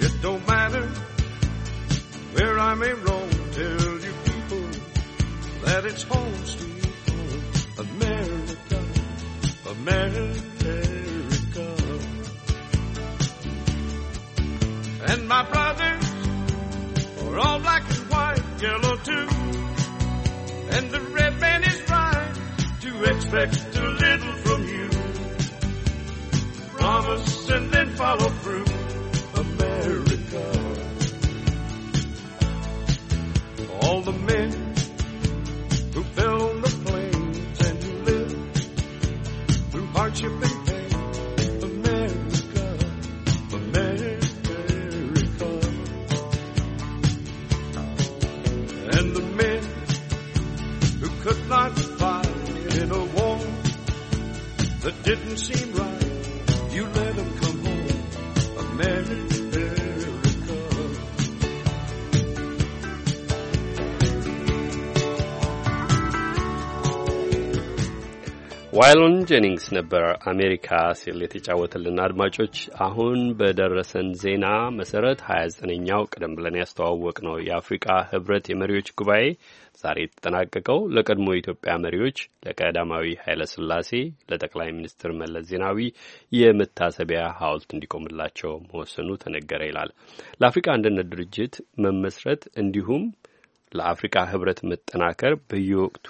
It don't matter where I may roam, tell you people that it's home sweet home, America, America. And my brother. They're all black and white, yellow too. And the red man is right to expect a little from you. Promise and then follow through. ዋይሎን ጄኒንግስ ነበር አሜሪካ ሲል የተጫወተልን። አድማጮች አሁን በደረሰን ዜና መሰረት 29ኛው ቀደም ብለን ያስተዋወቅ ነው የአፍሪቃ ህብረት የመሪዎች ጉባኤ ዛሬ የተጠናቀቀው ለቀድሞ የኢትዮጵያ መሪዎች ለቀዳማዊ ኃይለ ስላሴ ለጠቅላይ ሚኒስትር መለስ ዜናዊ የመታሰቢያ ሐውልት እንዲቆምላቸው መወሰኑ ተነገረ ይላል። ለአፍሪቃ አንድነት ድርጅት መመስረት እንዲሁም ለአፍሪቃ ህብረት መጠናከር በየወቅቱ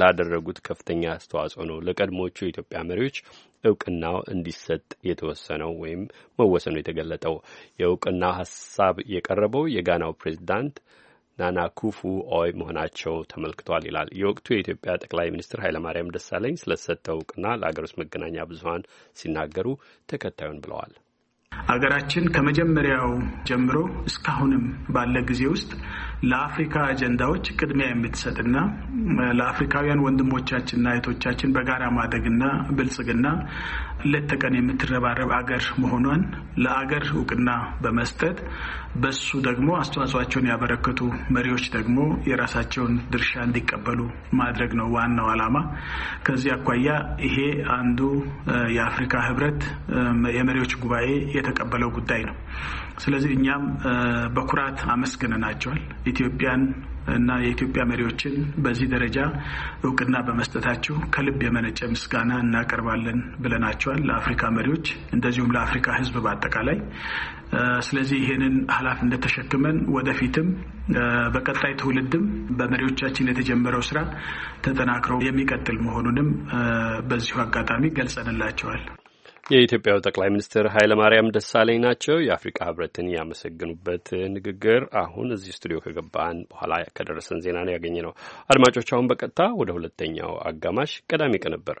ላደረጉት ከፍተኛ አስተዋጽኦ ነው ለቀድሞቹ የኢትዮጵያ መሪዎች እውቅናው እንዲሰጥ የተወሰነው ወይም መወሰኑ የተገለጠው። የእውቅና ሀሳብ የቀረበው የጋናው ፕሬዚዳንት ናና ኩፉ ኦይ መሆናቸው ተመልክቷል ይላል። የወቅቱ የኢትዮጵያ ጠቅላይ ሚኒስትር ኃይለማርያም ደሳለኝ ስለተሰጠው እውቅና ለአገር ውስጥ መገናኛ ብዙኃን ሲናገሩ ተከታዩን ብለዋል። አገራችን ከመጀመሪያው ጀምሮ እስካሁንም ባለ ጊዜ ውስጥ ለአፍሪካ አጀንዳዎች ቅድሚያ የምትሰጥና ለአፍሪካውያን ወንድሞቻችንና እህቶቻችን በጋራ ማደግና ብልጽግና ሌት ተቀን የምትረባረብ አገር መሆኗን ለአገር እውቅና በመስጠት በሱ ደግሞ አስተዋጽኦቸውን ያበረከቱ መሪዎች ደግሞ የራሳቸውን ድርሻ እንዲቀበሉ ማድረግ ነው ዋናው አላማ ከዚህ አኳያ ይሄ አንዱ የአፍሪካ ህብረት የመሪዎች ጉባኤ የተቀበለው ጉዳይ ነው። ስለዚህ እኛም በኩራት አመስግነናቸዋል ኢትዮጵያን እና የኢትዮጵያ መሪዎችን በዚህ ደረጃ እውቅና በመስጠታችሁ ከልብ የመነጨ ምስጋና እናቀርባለን ብለናቸዋል ለአፍሪካ መሪዎች እንደዚሁም ለአፍሪካ ሕዝብ በአጠቃላይ። ስለዚህ ይህንን ኃላፊነት ተሸክመን ወደፊትም በቀጣይ ትውልድም በመሪዎቻችን የተጀመረው ስራ ተጠናክሮ የሚቀጥል መሆኑንም በዚሁ አጋጣሚ ገልጸንላቸዋል። የኢትዮጵያው ጠቅላይ ሚኒስትር ኃይለማርያም ደሳለኝ ናቸው። የአፍሪካ ህብረትን ያመሰግኑበት ንግግር አሁን እዚህ ስቱዲዮ ከገባን በኋላ ከደረሰን ዜና ነው ያገኘ ነው። አድማጮች አሁን በቀጥታ ወደ ሁለተኛው አጋማሽ ቀዳሚ ቀነበር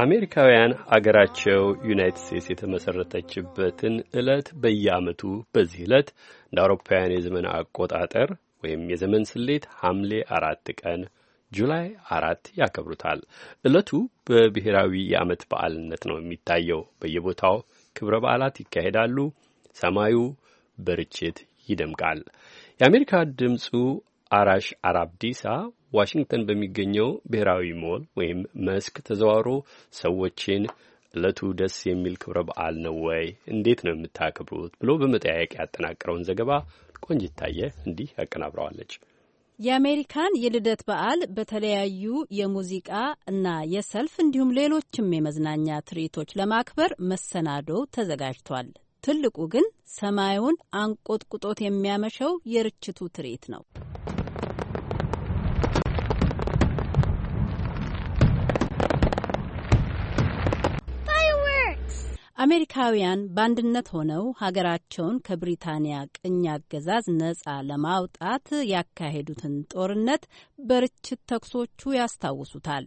አሜሪካውያን አገራቸው ዩናይትድ ስቴትስ የተመሰረተችበትን ዕለት በየዓመቱ በዚህ ዕለት እንደ አውሮፓውያን የዘመን አቆጣጠር ወይም የዘመን ስሌት ሐምሌ አራት ቀን ጁላይ አራት ያከብሩታል። ዕለቱ በብሔራዊ የዓመት በዓልነት ነው የሚታየው። በየቦታው ክብረ በዓላት ይካሄዳሉ። ሰማዩ በርችት ይደምቃል። የአሜሪካ ድምፁ አራሽ አራብዲሳ ዋሽንግተን በሚገኘው ብሔራዊ ሞል ወይም መስክ ተዘዋውሮ ሰዎችን እለቱ ደስ የሚል ክብረ በዓል ነው ወይ? እንዴት ነው የምታከብሩት? ብሎ በመጠያየቅ ያጠናቀረውን ዘገባ ታየ እንዲህ ያቀናብረዋለች። የአሜሪካን የልደት በዓል በተለያዩ የሙዚቃ እና የሰልፍ እንዲሁም ሌሎችም የመዝናኛ ትርኢቶች ለማክበር መሰናዶ ተዘጋጅቷል። ትልቁ ግን ሰማዩን አንቆጥቁጦት የሚያመሸው የርችቱ ትርኢት ነው። አሜሪካውያን በአንድነት ሆነው ሀገራቸውን ከብሪታንያ ቅኝ አገዛዝ ነጻ ለማውጣት ያካሄዱትን ጦርነት በርችት ተኩሶቹ ያስታውሱታል።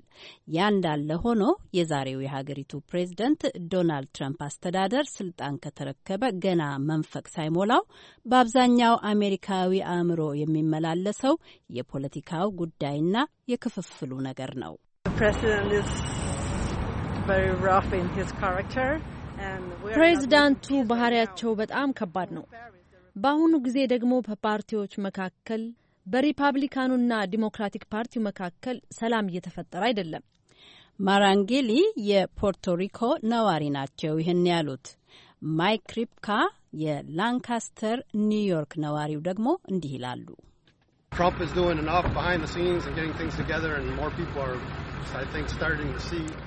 ያ እንዳለ ሆኖ የዛሬው የሀገሪቱ ፕሬዝደንት ዶናልድ ትራምፕ አስተዳደር ስልጣን ከተረከበ ገና መንፈቅ ሳይሞላው በአብዛኛው አሜሪካዊ አእምሮ የሚመላለሰው የፖለቲካው ጉዳይና የክፍፍሉ ነገር ነው። ፕሬዚዳንቱ ባህሪያቸው በጣም ከባድ ነው። በአሁኑ ጊዜ ደግሞ በፓርቲዎች መካከል በሪፓብሊካኑና ዲሞክራቲክ ፓርቲው መካከል ሰላም እየተፈጠረ አይደለም። ማራንጌሊ የፖርቶሪኮ ነዋሪ ናቸው። ይህን ያሉት ማይክ ሪፕካ የላንካስተር ኒውዮርክ ነዋሪው ደግሞ እንዲህ ይላሉ።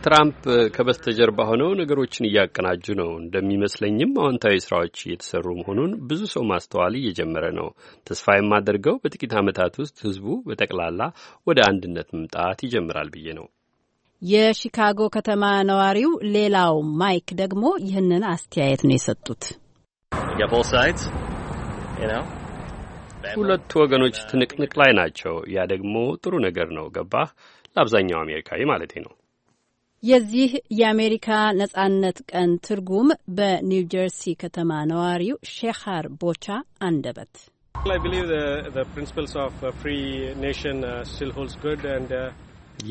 ትራምፕ ከበስተጀርባ ሆነው ነገሮችን እያቀናጁ ነው። እንደሚመስለኝም አዎንታዊ ስራዎች እየተሰሩ መሆኑን ብዙ ሰው ማስተዋል እየጀመረ ነው። ተስፋ የማደርገው በጥቂት ዓመታት ውስጥ ህዝቡ በጠቅላላ ወደ አንድነት መምጣት ይጀምራል ብዬ ነው። የሺካጎ ከተማ ነዋሪው ሌላው ማይክ ደግሞ ይህንን አስተያየት ነው የሰጡት። ሁለቱ ወገኖች ትንቅንቅ ላይ ናቸው። ያ ደግሞ ጥሩ ነገር ነው። ገባህ? ለአብዛኛው አሜሪካዊ ማለቴ ነው። የዚህ የአሜሪካ ነጻነት ቀን ትርጉም በኒው ጀርሲ ከተማ ነዋሪው ሼኻር ቦቻ አንደበት uh, uh,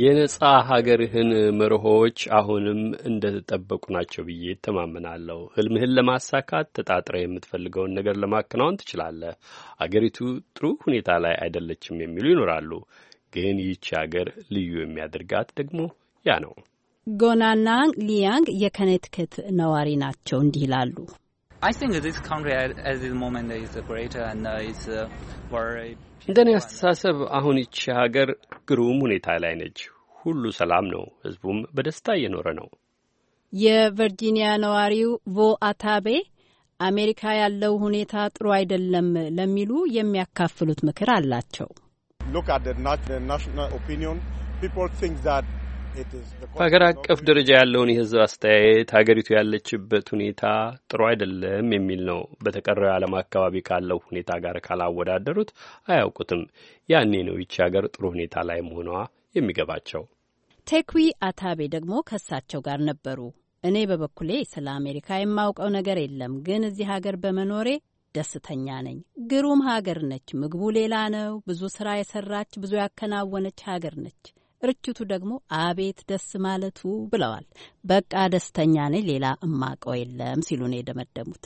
የነጻ ሀገርህን መርሆች አሁንም ተጠበቁ ናቸው ብዬ እተማመናለሁ። ህልምህን ለማሳካት ተጣጥረህ የምትፈልገውን ነገር ለማከናወን ትችላለህ። አገሪቱ ጥሩ ሁኔታ ላይ አይደለችም የሚሉ ይኖራሉ። ግን ይቺ ሀገር ልዩ የሚያደርጋት ደግሞ ያ ነው። ጎናና ሊያንግ የከኔቲከት ነዋሪ ናቸው። እንዲህ ይላሉ። uh, እንደ እኔ አስተሳሰብ አሁን ይቺ ሀገር ግሩም ሁኔታ ላይ ነች። ሁሉ ሰላም ነው። ህዝቡም በደስታ እየኖረ ነው። የቨርጂኒያ ነዋሪው ቮ አታቤ አሜሪካ ያለው ሁኔታ ጥሩ አይደለም ለሚሉ የሚያካፍሉት ምክር አላቸው። በሀገር አቀፍ ደረጃ ያለውን የህዝብ አስተያየት ሀገሪቱ ያለችበት ሁኔታ ጥሩ አይደለም የሚል ነው። በተቀረው የዓለም አካባቢ ካለው ሁኔታ ጋር ካላወዳደሩት አያውቁትም። ያኔ ነው ይቺ ሀገር ጥሩ ሁኔታ ላይ መሆኗ የሚገባቸው። ቴክዊ አታቤ ደግሞ ከሳቸው ጋር ነበሩ። እኔ በበኩሌ ስለ አሜሪካ የማውቀው ነገር የለም፣ ግን እዚህ ሀገር በመኖሬ ደስተኛ ነኝ። ግሩም ሀገር ነች። ምግቡ ሌላ ነው። ብዙ ስራ የሰራች ብዙ ያከናወነች ሀገር ነች። ርችቱ ደግሞ አቤት ደስ ማለቱ ብለዋል። በቃ ደስተኛ ነኝ፣ ሌላ እማቀው የለም ሲሉ ነው የደመደሙት።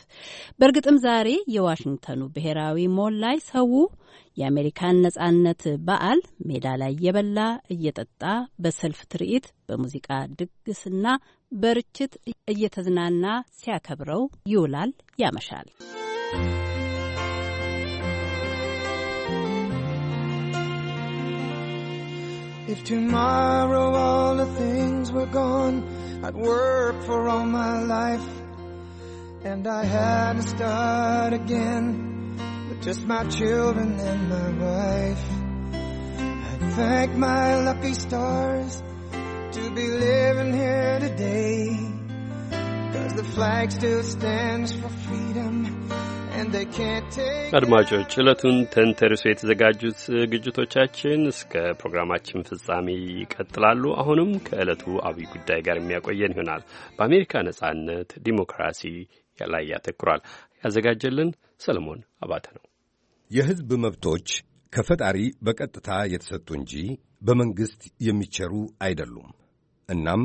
በእርግጥም ዛሬ የዋሽንግተኑ ብሔራዊ ሞል ላይ ሰው የአሜሪካን ነጻነት በዓል ሜዳ ላይ እየበላ እየጠጣ በሰልፍ ትርኢት፣ በሙዚቃ ድግስና በርችት እየተዝናና ሲያከብረው ይውላል ያመሻል። If tomorrow all the things were gone, I'd work for all my life. And I had to start again with just my children and my wife. I'd thank my lucky stars to be living here today. Cause the flag still stands for freedom አድማጮች ዕለቱን ተንተርሶ የተዘጋጁት ዝግጅቶቻችን እስከ ፕሮግራማችን ፍጻሜ ይቀጥላሉ። አሁንም ከዕለቱ አብይ ጉዳይ ጋር የሚያቆየን ይሆናል። በአሜሪካ ነጻነት፣ ዲሞክራሲ ላይ ያተኩራል። ያዘጋጀልን ሰለሞን አባተ ነው። የሕዝብ መብቶች ከፈጣሪ በቀጥታ የተሰጡ እንጂ በመንግሥት የሚቸሩ አይደሉም። እናም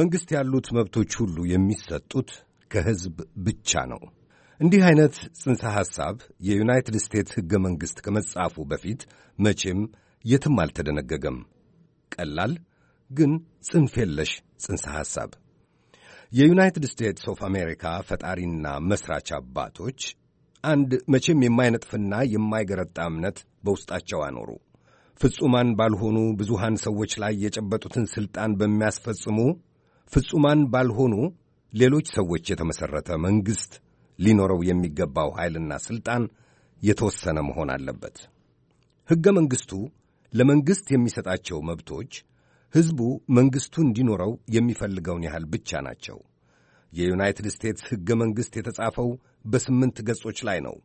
መንግሥት ያሉት መብቶች ሁሉ የሚሰጡት ከሕዝብ ብቻ ነው። እንዲህ አይነት ጽንሰ ሐሳብ የዩናይትድ ስቴትስ ሕገ መንግሥት ከመጻፉ በፊት መቼም የትም አልተደነገገም። ቀላል ግን ጽንፍ የለሽ ጽንሰ ሐሳብ የዩናይትድ ስቴትስ ኦፍ አሜሪካ ፈጣሪና መሥራች አባቶች አንድ መቼም የማይነጥፍና የማይገረጣ እምነት በውስጣቸው አኖሩ። ፍጹማን ባልሆኑ ብዙሃን ሰዎች ላይ የጨበጡትን ሥልጣን በሚያስፈጽሙ ፍጹማን ባልሆኑ ሌሎች ሰዎች የተመሠረተ መንግሥት ሊኖረው የሚገባው ኃይልና ሥልጣን የተወሰነ መሆን አለበት። ሕገ መንግሥቱ ለመንግሥት የሚሰጣቸው መብቶች ሕዝቡ መንግሥቱ እንዲኖረው የሚፈልገውን ያህል ብቻ ናቸው። የዩናይትድ ስቴትስ ሕገ መንግሥት የተጻፈው በስምንት ገጾች ላይ ነው።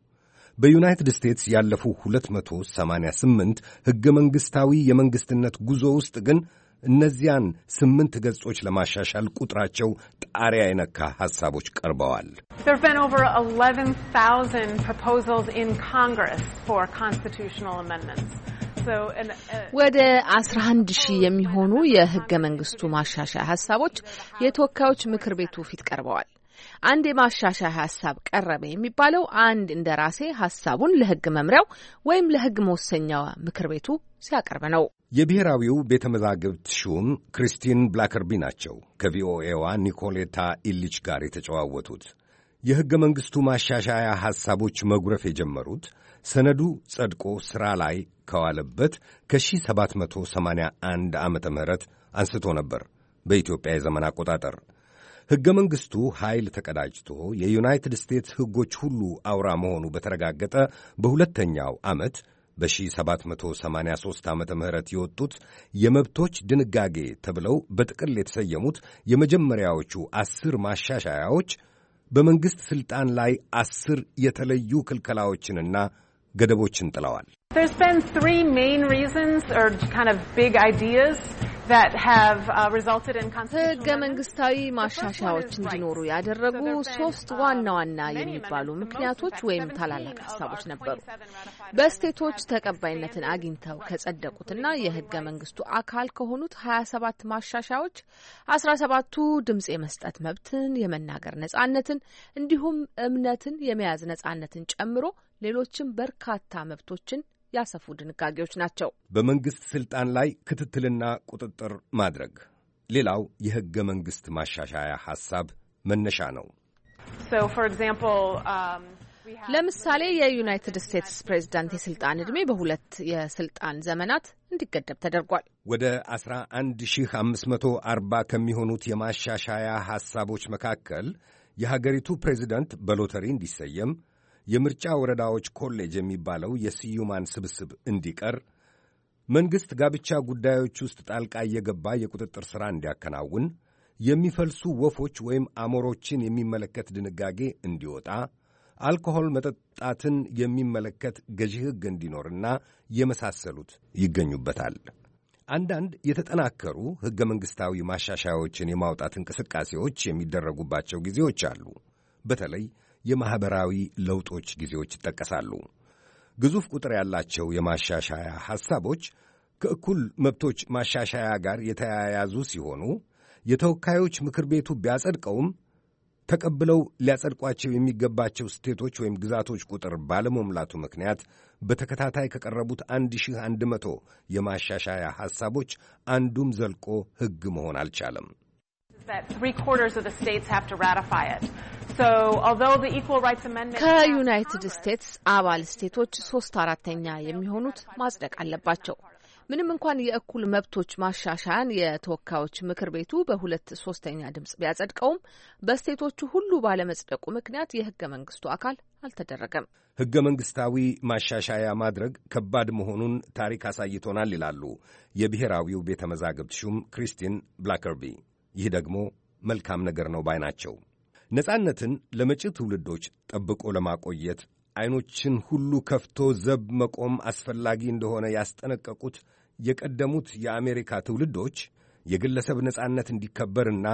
በዩናይትድ ስቴትስ ያለፉ 288 ሕገ መንግሥታዊ የመንግሥትነት ጉዞ ውስጥ ግን እነዚያን ስምንት ገጾች ለማሻሻል ቁጥራቸው ጣሪያ የነካ ሐሳቦች ቀርበዋል። uh, ወደ 11 ሺህ የሚሆኑ የህገ መንግስቱ ማሻሻያ ሐሳቦች የተወካዮች ምክር ቤቱ ፊት ቀርበዋል። አንድ የማሻሻያ ሀሳብ ቀረበ የሚባለው አንድ እንደራሴ ሀሳቡን ለህግ መምሪያው ወይም ለህግ መወሰኛ ምክር ቤቱ ሲያቀርብ ነው። የብሔራዊው ቤተ መዛግብት ሹም ክሪስቲን ብላከርቢ ናቸው ከቪኦኤዋ ኒኮሌታ ኢሊች ጋር የተጨዋወቱት። የሕገ መንግሥቱ ማሻሻያ ሐሳቦች መጉረፍ የጀመሩት ሰነዱ ጸድቆ ሥራ ላይ ከዋለበት ከ1781 ዓ ም አንስቶ ነበር በኢትዮጵያ የዘመን አቆጣጠር። ሕገ መንግሥቱ ኃይል ተቀዳጅቶ የዩናይትድ ስቴትስ ሕጎች ሁሉ አውራ መሆኑ በተረጋገጠ በሁለተኛው ዓመት በ1783 ዓ ም የወጡት የመብቶች ድንጋጌ ተብለው በጥቅል የተሰየሙት የመጀመሪያዎቹ አስር ማሻሻያዎች በመንግሥት ሥልጣን ላይ አስር የተለዩ ክልከላዎችንና ገደቦችን ጥለዋል። Uh, ህገ መንግስታዊ ማሻሻያዎች እንዲኖሩ ያደረጉ ሶስት uh, ዋና ዋና የሚባሉ ምክንያቶች ወይም ታላላቅ ሀሳቦች ነበሩ። በስቴቶች ተቀባይነትን አግኝተው ከጸደቁትና የህገ መንግስቱ አካል ከሆኑት ሀያ ሰባት ማሻሻያዎች አስራ ሰባቱ ድምጽ የመስጠት መብትን፣ የመናገር ነጻነትን እንዲሁም እምነትን የመያዝ ነጻነትን ጨምሮ ሌሎችም በርካታ መብቶችን ያሰፉ ድንጋጌዎች ናቸው። በመንግስት ስልጣን ላይ ክትትልና ቁጥጥር ማድረግ ሌላው የህገ መንግስት ማሻሻያ ሀሳብ መነሻ ነው። um, ለምሳሌ የዩናይትድ ስቴትስ ፕሬዚዳንት የስልጣን ዕድሜ በሁለት የስልጣን ዘመናት እንዲገደብ ተደርጓል። ወደ 11540 ከሚሆኑት የማሻሻያ ሐሳቦች መካከል የሀገሪቱ ፕሬዝዳንት በሎተሪ እንዲሰየም የምርጫ ወረዳዎች ኮሌጅ የሚባለው የስዩማን ስብስብ እንዲቀር መንግሥት ጋብቻ ጉዳዮች ውስጥ ጣልቃ እየገባ የቁጥጥር ሥራ እንዲያከናውን የሚፈልሱ ወፎች ወይም አሞሮችን የሚመለከት ድንጋጌ እንዲወጣ አልኮሆል መጠጣትን የሚመለከት ገዢ ሕግ እንዲኖርና የመሳሰሉት ይገኙበታል። አንዳንድ የተጠናከሩ ሕገ መንግሥታዊ ማሻሻያዎችን የማውጣት እንቅስቃሴዎች የሚደረጉባቸው ጊዜዎች አሉ። በተለይ የማኅበራዊ ለውጦች ጊዜዎች ይጠቀሳሉ። ግዙፍ ቁጥር ያላቸው የማሻሻያ ሐሳቦች ከእኩል መብቶች ማሻሻያ ጋር የተያያዙ ሲሆኑ የተወካዮች ምክር ቤቱ ቢያጸድቀውም ተቀብለው ሊያጸድቋቸው የሚገባቸው ስቴቶች ወይም ግዛቶች ቁጥር ባለመሙላቱ ምክንያት በተከታታይ ከቀረቡት መቶ የማሻሻያ ሐሳቦች አንዱም ዘልቆ ሕግ መሆን አልቻለም። ከዩናይትድ ስቴትስ አባል ስቴቶች ሶስት አራተኛ የሚሆኑት ማጽደቅ አለባቸው። ምንም እንኳን የእኩል መብቶች ማሻሻያን የተወካዮች ምክር ቤቱ በሁለት ሶስተኛ ድምጽ ቢያጸድቀውም በስቴቶቹ ሁሉ ባለመጽደቁ ምክንያት የህገ መንግስቱ አካል አልተደረገም። ህገ መንግስታዊ ማሻሻያ ማድረግ ከባድ መሆኑን ታሪክ አሳይቶናል ይላሉ የብሔራዊው ቤተ መዛግብት ሹም ክሪስቲን ብላከርቢ። ይህ ደግሞ መልካም ነገር ነው ባይ ናቸው። ነጻነትን ለመጪ ትውልዶች ጠብቆ ለማቆየት ዐይኖችን ሁሉ ከፍቶ ዘብ መቆም አስፈላጊ እንደሆነ ያስጠነቀቁት የቀደሙት የአሜሪካ ትውልዶች የግለሰብ ነጻነት እንዲከበርና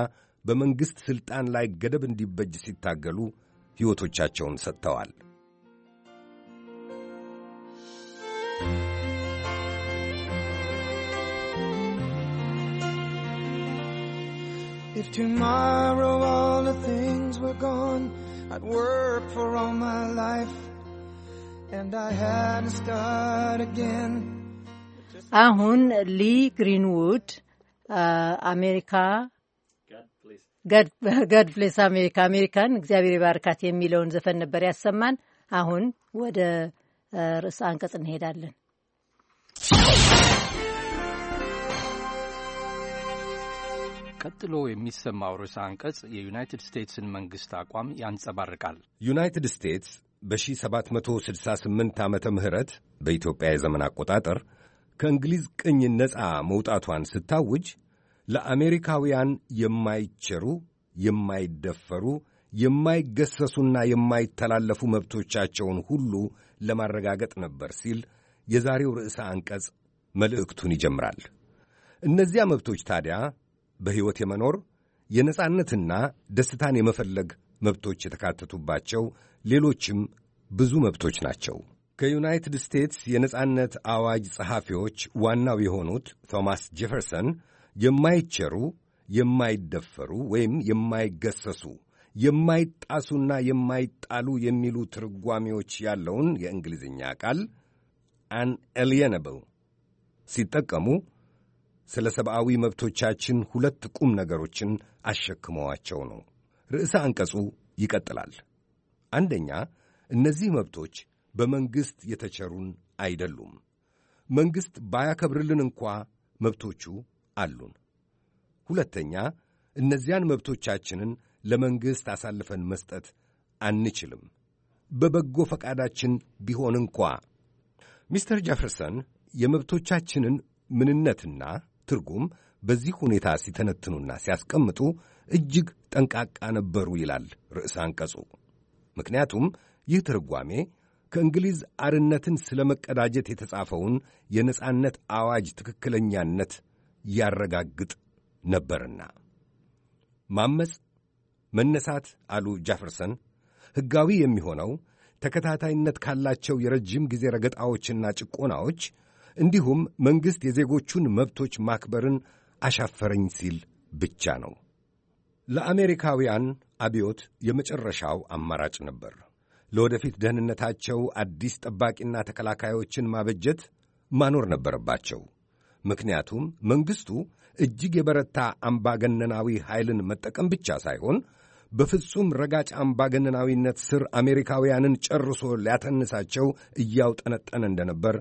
በመንግሥት ሥልጣን ላይ ገደብ እንዲበጅ ሲታገሉ ሕይወቶቻቸውን ሰጥተዋል። If tomorrow all the things were gone, I'd work for all my life, and I had to start again. አሁን ሊ ግሪንውድ አሜሪካ ጋድ ፕሌስ አሜሪካ አሜሪካን እግዚአብሔር ባርካት የሚለውን ዘፈን ነበር ያሰማን። አሁን ወደ ርዕሰ አንቀጽ እንሄዳለን። ቀጥሎ የሚሰማው ርዕሰ አንቀጽ የዩናይትድ ስቴትስን መንግሥት አቋም ያንጸባርቃል። ዩናይትድ ስቴትስ በ1768 ዓመተ ምህረት በኢትዮጵያ የዘመን አቆጣጠር ከእንግሊዝ ቅኝ ነፃ መውጣቷን ስታውጅ ለአሜሪካውያን የማይቸሩ የማይደፈሩ የማይገሰሱና የማይተላለፉ መብቶቻቸውን ሁሉ ለማረጋገጥ ነበር ሲል የዛሬው ርዕሰ አንቀጽ መልእክቱን ይጀምራል። እነዚያ መብቶች ታዲያ በሕይወት የመኖር የነጻነትና ደስታን የመፈለግ መብቶች የተካተቱባቸው ሌሎችም ብዙ መብቶች ናቸው። ከዩናይትድ ስቴትስ የነጻነት አዋጅ ጸሐፊዎች ዋናው የሆኑት ቶማስ ጄፈርሰን የማይቸሩ፣ የማይደፈሩ ወይም የማይገሰሱ የማይጣሱና የማይጣሉ የሚሉ ትርጓሜዎች ያለውን የእንግሊዝኛ ቃል አንኤልየነብል ሲጠቀሙ ስለ ሰብአዊ መብቶቻችን ሁለት ቁም ነገሮችን አሸክመዋቸው ነው። ርዕሰ አንቀጹ ይቀጥላል። አንደኛ፣ እነዚህ መብቶች በመንግሥት የተቸሩን አይደሉም። መንግሥት ባያከብርልን እንኳ መብቶቹ አሉን። ሁለተኛ፣ እነዚያን መብቶቻችንን ለመንግሥት አሳልፈን መስጠት አንችልም፣ በበጎ ፈቃዳችን ቢሆን እንኳ። ሚስተር ጀፈርሰን የመብቶቻችንን ምንነትና ትርጉም በዚህ ሁኔታ ሲተነትኑና ሲያስቀምጡ እጅግ ጠንቃቃ ነበሩ ይላል ርዕሰ አንቀጹ። ምክንያቱም ይህ ትርጓሜ ከእንግሊዝ አርነትን ስለ መቀዳጀት የተጻፈውን የነጻነት አዋጅ ትክክለኛነት ያረጋግጥ ነበርና። ማመፅ፣ መነሳት አሉ ጃፈርሰን፣ ሕጋዊ የሚሆነው ተከታታይነት ካላቸው የረጅም ጊዜ ረገጣዎችና ጭቆናዎች እንዲሁም መንግሥት የዜጎቹን መብቶች ማክበርን አሻፈረኝ ሲል ብቻ ነው። ለአሜሪካውያን አብዮት የመጨረሻው አማራጭ ነበር። ለወደፊት ደህንነታቸው አዲስ ጠባቂና ተከላካዮችን ማበጀት ማኖር ነበረባቸው። ምክንያቱም መንግሥቱ እጅግ የበረታ አምባገነናዊ ኃይልን መጠቀም ብቻ ሳይሆን በፍጹም ረጋጭ አምባገነናዊነት ስር አሜሪካውያንን ጨርሶ ሊያተንሳቸው እያውጠነጠነ እንደነበር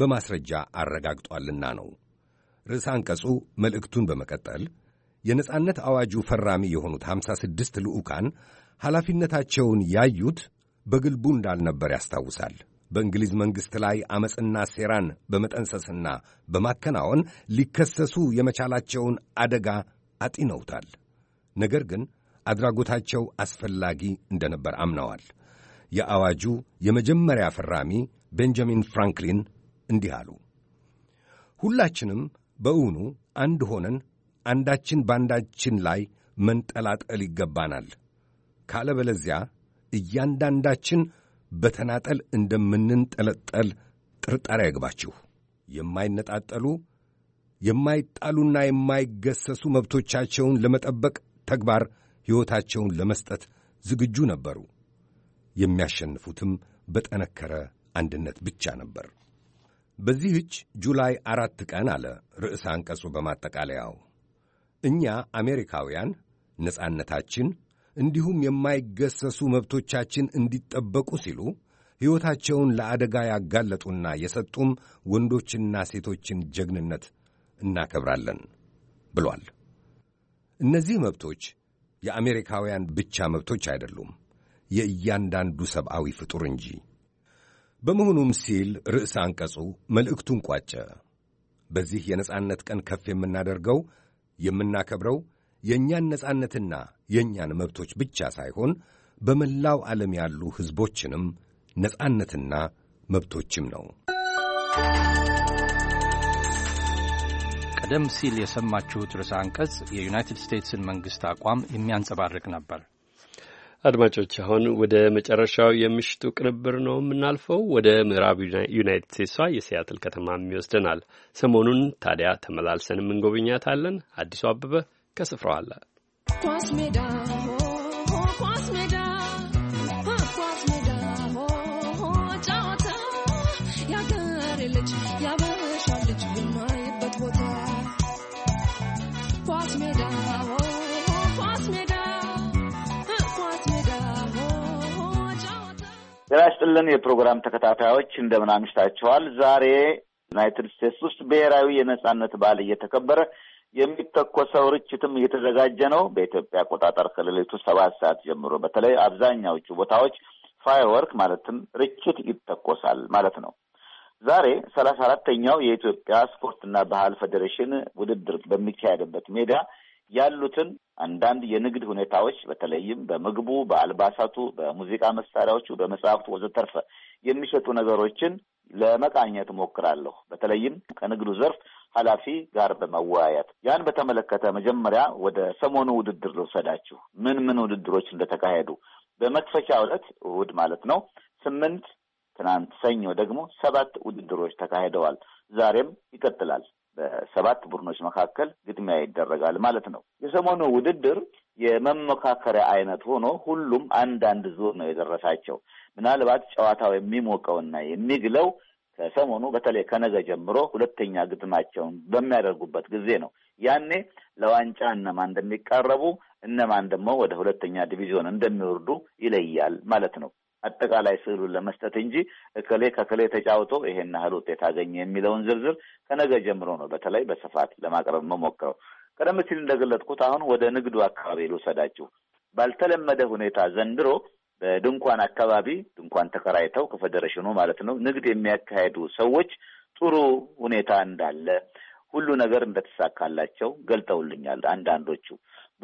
በማስረጃ አረጋግጧልና ነው። ርዕሰ አንቀጹ መልእክቱን በመቀጠል የነጻነት አዋጁ ፈራሚ የሆኑት ሃምሳ ስድስት ልዑካን ኃላፊነታቸውን ያዩት በግልቡ እንዳልነበር ያስታውሳል። በእንግሊዝ መንግሥት ላይ ዐመፅና ሴራን በመጠንሰስና በማከናወን ሊከሰሱ የመቻላቸውን አደጋ አጢነውታል። ነገር ግን አድራጎታቸው አስፈላጊ እንደነበር አምነዋል። የአዋጁ የመጀመሪያ ፈራሚ ቤንጃሚን ፍራንክሊን እንዲህ አሉ። ሁላችንም በእውኑ አንድ ሆነን አንዳችን በአንዳችን ላይ መንጠላጠል ይገባናል። ካለበለዚያ እያንዳንዳችን በተናጠል እንደምንንጠለጠል ጥርጣሬ አይግባችሁ። የማይነጣጠሉ የማይጣሉና የማይገሰሱ መብቶቻቸውን ለመጠበቅ ተግባር ሕይወታቸውን ለመስጠት ዝግጁ ነበሩ። የሚያሸንፉትም በጠነከረ አንድነት ብቻ ነበር። በዚህች ጁላይ አራት ቀን አለ ርዕሰ አንቀጹ በማጠቃለያው እኛ አሜሪካውያን ነጻነታችን እንዲሁም የማይገሰሱ መብቶቻችን እንዲጠበቁ ሲሉ ሕይወታቸውን ለአደጋ ያጋለጡና የሰጡም ወንዶችና ሴቶችን ጀግንነት እናከብራለን ብሏል። እነዚህ መብቶች የአሜሪካውያን ብቻ መብቶች አይደሉም፣ የእያንዳንዱ ሰብአዊ ፍጡር እንጂ በመሆኑም ሲል ርዕስ አንቀጹ መልእክቱን ቋጨ። በዚህ የነጻነት ቀን ከፍ የምናደርገው የምናከብረው የእኛን ነጻነትና የእኛን መብቶች ብቻ ሳይሆን በመላው ዓለም ያሉ ሕዝቦችንም ነጻነትና መብቶችም ነው። ቀደም ሲል የሰማችሁት ርዕሰ አንቀጽ የዩናይትድ ስቴትስን መንግሥት አቋም የሚያንጸባርቅ ነበር። አድማጮች አሁን ወደ መጨረሻው የምሽቱ ቅንብር ነው የምናልፈው። ወደ ምዕራብ ዩናይትድ ስቴትሷ የሲያትል ከተማም ይወስደናል። ሰሞኑን ታዲያ ተመላልሰን እንጎበኛታለን። አዲሱ አበበ ከስፍራው አለ ኳስ ሜዳ ኳስ ሜዳ ጤና ይስጥልን የፕሮግራም ተከታታዮች እንደምን አምሽታችኋል። ዛሬ ዩናይትድ ስቴትስ ውስጥ ብሔራዊ የነጻነት በዓል እየተከበረ የሚተኮሰው ርችትም እየተዘጋጀ ነው። በኢትዮጵያ አቆጣጠር ከሌሊቱ ሰባት ሰዓት ጀምሮ በተለይ አብዛኛዎቹ ቦታዎች ፋየርወርክ ማለትም ርችት ይተኮሳል ማለት ነው። ዛሬ ሰላሳ አራተኛው የኢትዮጵያ ስፖርትና ባህል ፌዴሬሽን ውድድር በሚካሄድበት ሜዳ ያሉትን አንዳንድ የንግድ ሁኔታዎች በተለይም በምግቡ፣ በአልባሳቱ፣ በሙዚቃ መሳሪያዎቹ፣ በመጽሐፍቱ ወዘተርፈ የሚሸጡ ነገሮችን ለመቃኘት እሞክራለሁ። በተለይም ከንግዱ ዘርፍ ኃላፊ ጋር በመወያየት ያን በተመለከተ መጀመሪያ ወደ ሰሞኑ ውድድር ልውሰዳችሁ። ምን ምን ውድድሮች እንደተካሄዱ በመክፈቻ ዕለት እሑድ ማለት ነው ስምንት ትናንት ሰኞ ደግሞ ሰባት ውድድሮች ተካሂደዋል። ዛሬም ይቀጥላል። በሰባት ቡድኖች መካከል ግጥሚያ ይደረጋል ማለት ነው። የሰሞኑ ውድድር የመመካከሪያ አይነት ሆኖ ሁሉም አንዳንድ ዙር ነው የደረሳቸው። ምናልባት ጨዋታው የሚሞቀውና የሚግለው ከሰሞኑ በተለይ ከነገ ጀምሮ ሁለተኛ ግጥማቸውን በሚያደርጉበት ጊዜ ነው። ያኔ ለዋንጫ እነማ እንደሚቃረቡ እነማን ደግሞ ወደ ሁለተኛ ዲቪዥን እንደሚወርዱ ይለያል ማለት ነው። አጠቃላይ ስዕሉን ለመስጠት እንጂ እከሌ ከከሌ ተጫውቶ ይሄን ያህል ውጤት አገኘ የሚለውን ዝርዝር ከነገ ጀምሮ ነው በተለይ በስፋት ለማቅረብ መሞክረው። ቀደም ሲል እንደገለጥኩት አሁን ወደ ንግዱ አካባቢ ልውሰዳችሁ። ባልተለመደ ሁኔታ ዘንድሮ በድንኳን አካባቢ ድንኳን ተከራይተው ከፌዴሬሽኑ ማለት ነው ንግድ የሚያካሄዱ ሰዎች ጥሩ ሁኔታ እንዳለ ሁሉ ነገር እንደተሳካላቸው ገልጠውልኛል። አንዳንዶቹ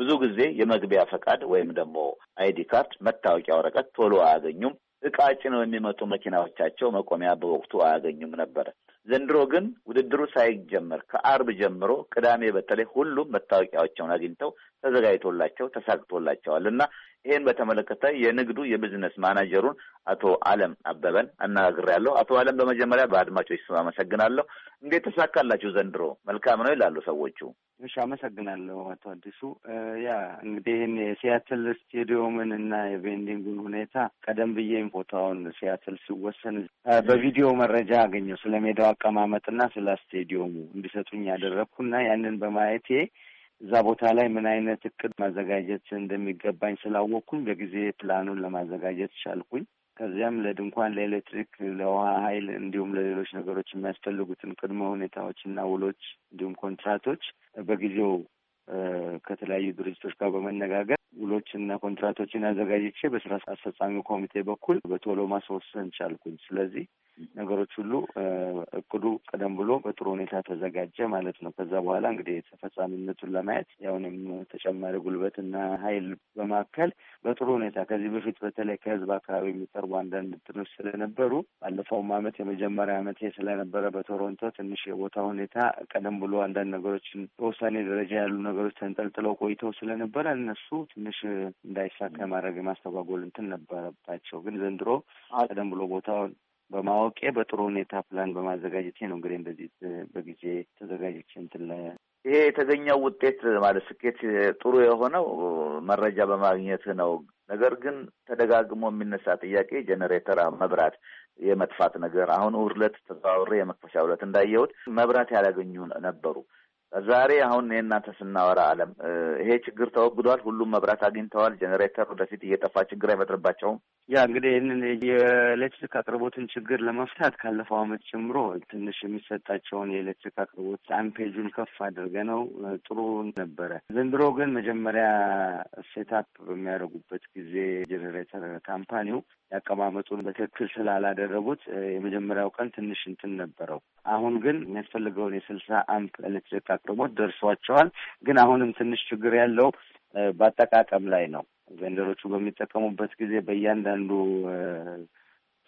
ብዙ ጊዜ የመግቢያ ፈቃድ ወይም ደግሞ አይዲ ካርድ፣ መታወቂያ ወረቀት ቶሎ አያገኙም። እቃ ጭነው የሚመጡ መኪናዎቻቸው መቆሚያ በወቅቱ አያገኙም ነበረ። ዘንድሮ ግን ውድድሩ ሳይጀመር ከአርብ ጀምሮ ቅዳሜ በተለይ ሁሉም መታወቂያቸውን አግኝተው ተዘጋጅቶላቸው ተሳክቶላቸዋል እና ይህን በተመለከተ የንግዱ የቢዝነስ ማናጀሩን አቶ አለም አበበን አነጋግሬያለሁ። አቶ አለም በመጀመሪያ በአድማጮች ስም አመሰግናለሁ። እንዴት ተሳካላችሁ ዘንድሮ? መልካም ነው ይላሉ ሰዎቹ። እሺ፣ አመሰግናለሁ አቶ አዲሱ። ያ እንግዲህ ይህን የሲያትል ስቴዲየምን እና የቬንዲንጉን ሁኔታ ቀደም ብዬም ቦታውን ሲያትል ሲወሰን በቪዲዮ መረጃ አገኘው ስለ ሜዳው አቀማመጥና ስለ ስቴዲየሙ እንዲሰጡኝ ያደረግኩና ያንን በማየቴ እዛ ቦታ ላይ ምን አይነት እቅድ ማዘጋጀት እንደሚገባኝ ስላወቅኩኝ በጊዜ ፕላኑን ለማዘጋጀት ቻልኩኝ። ከዚያም ለድንኳን፣ ለኤሌክትሪክ፣ ለውሃ ኃይል እንዲሁም ለሌሎች ነገሮች የሚያስፈልጉትን ቅድመ ሁኔታዎች እና ውሎች እንዲሁም ኮንትራቶች በጊዜው ከተለያዩ ድርጅቶች ጋር በመነጋገር ውሎችና ኮንትራቶችን አዘጋጅቼ በስራ አስፈጻሚ ኮሚቴ በኩል በቶሎ ማስወሰን ቻልኩኝ። ስለዚህ ነገሮች ሁሉ እቅዱ ቀደም ብሎ በጥሩ ሁኔታ ተዘጋጀ ማለት ነው። ከዛ በኋላ እንግዲህ ተፈጻሚነቱን ለማየት ያሁንም ተጨማሪ ጉልበትና ኃይል በማካከል በጥሩ ሁኔታ ከዚህ በፊት በተለይ ከህዝብ አካባቢ የሚቀርቡ አንዳንድ እንትኖች ስለነበሩ ባለፈውም አመት የመጀመሪያ አመት ስለነበረ በቶሮንቶ ትንሽ የቦታ ሁኔታ ቀደም ብሎ አንዳንድ ነገሮችን በውሳኔ ደረጃ ያሉ ነገሮች ተንጠልጥለው ቆይተው ስለነበረ እነሱ ትንሽ እንዳይሳካ የማድረግ የማስተጓጎል እንትን ነበረባቸው። ግን ዘንድሮ ቀደም ብሎ ቦታውን በማወቄ በጥሩ ሁኔታ ፕላን በማዘጋጀት ነው እንግዲህ እንደዚህ በጊዜ ተዘጋጀች እንትን ይሄ የተገኘው ውጤት ማለት ስኬት ጥሩ የሆነው መረጃ በማግኘት ነው። ነገር ግን ተደጋግሞ የሚነሳ ጥያቄ ጄኔሬተር መብራት የመጥፋት ነገር አሁን ውርለት ዕለት ተዘዋውሬ የመክፈሻ ዕለት እንዳየሁት መብራት ያላገኙ ነበሩ። ዛሬ አሁን እናንተ ስናወራ አለም ይሄ ችግር ተወግዷል። ሁሉም መብራት አግኝተዋል። ጀኔሬተር ወደፊት እየጠፋ ችግር አይፈጥርባቸውም። ያ እንግዲህ ይህንን የኤሌክትሪክ አቅርቦትን ችግር ለመፍታት ካለፈው ዓመት ጀምሮ ትንሽ የሚሰጣቸውን የኤሌክትሪክ አቅርቦት አምፔጁን ከፍ አድርገ ነው ጥሩ ነበረ። ዘንድሮ ግን መጀመሪያ ሴታፕ በሚያደርጉበት ጊዜ ጀኔሬተር ካምፓኒው ያቀማመጡን በትክክል ስላላደረጉት የመጀመሪያው ቀን ትንሽ እንትን ነበረው። አሁን ግን የሚያስፈልገውን የስልሳ አምፕ ኤሌክትሪክ አቅርቦት ደርሷቸዋል። ግን አሁንም ትንሽ ችግር ያለው በአጠቃቀም ላይ ነው። ቬንደሮቹ በሚጠቀሙበት ጊዜ በእያንዳንዱ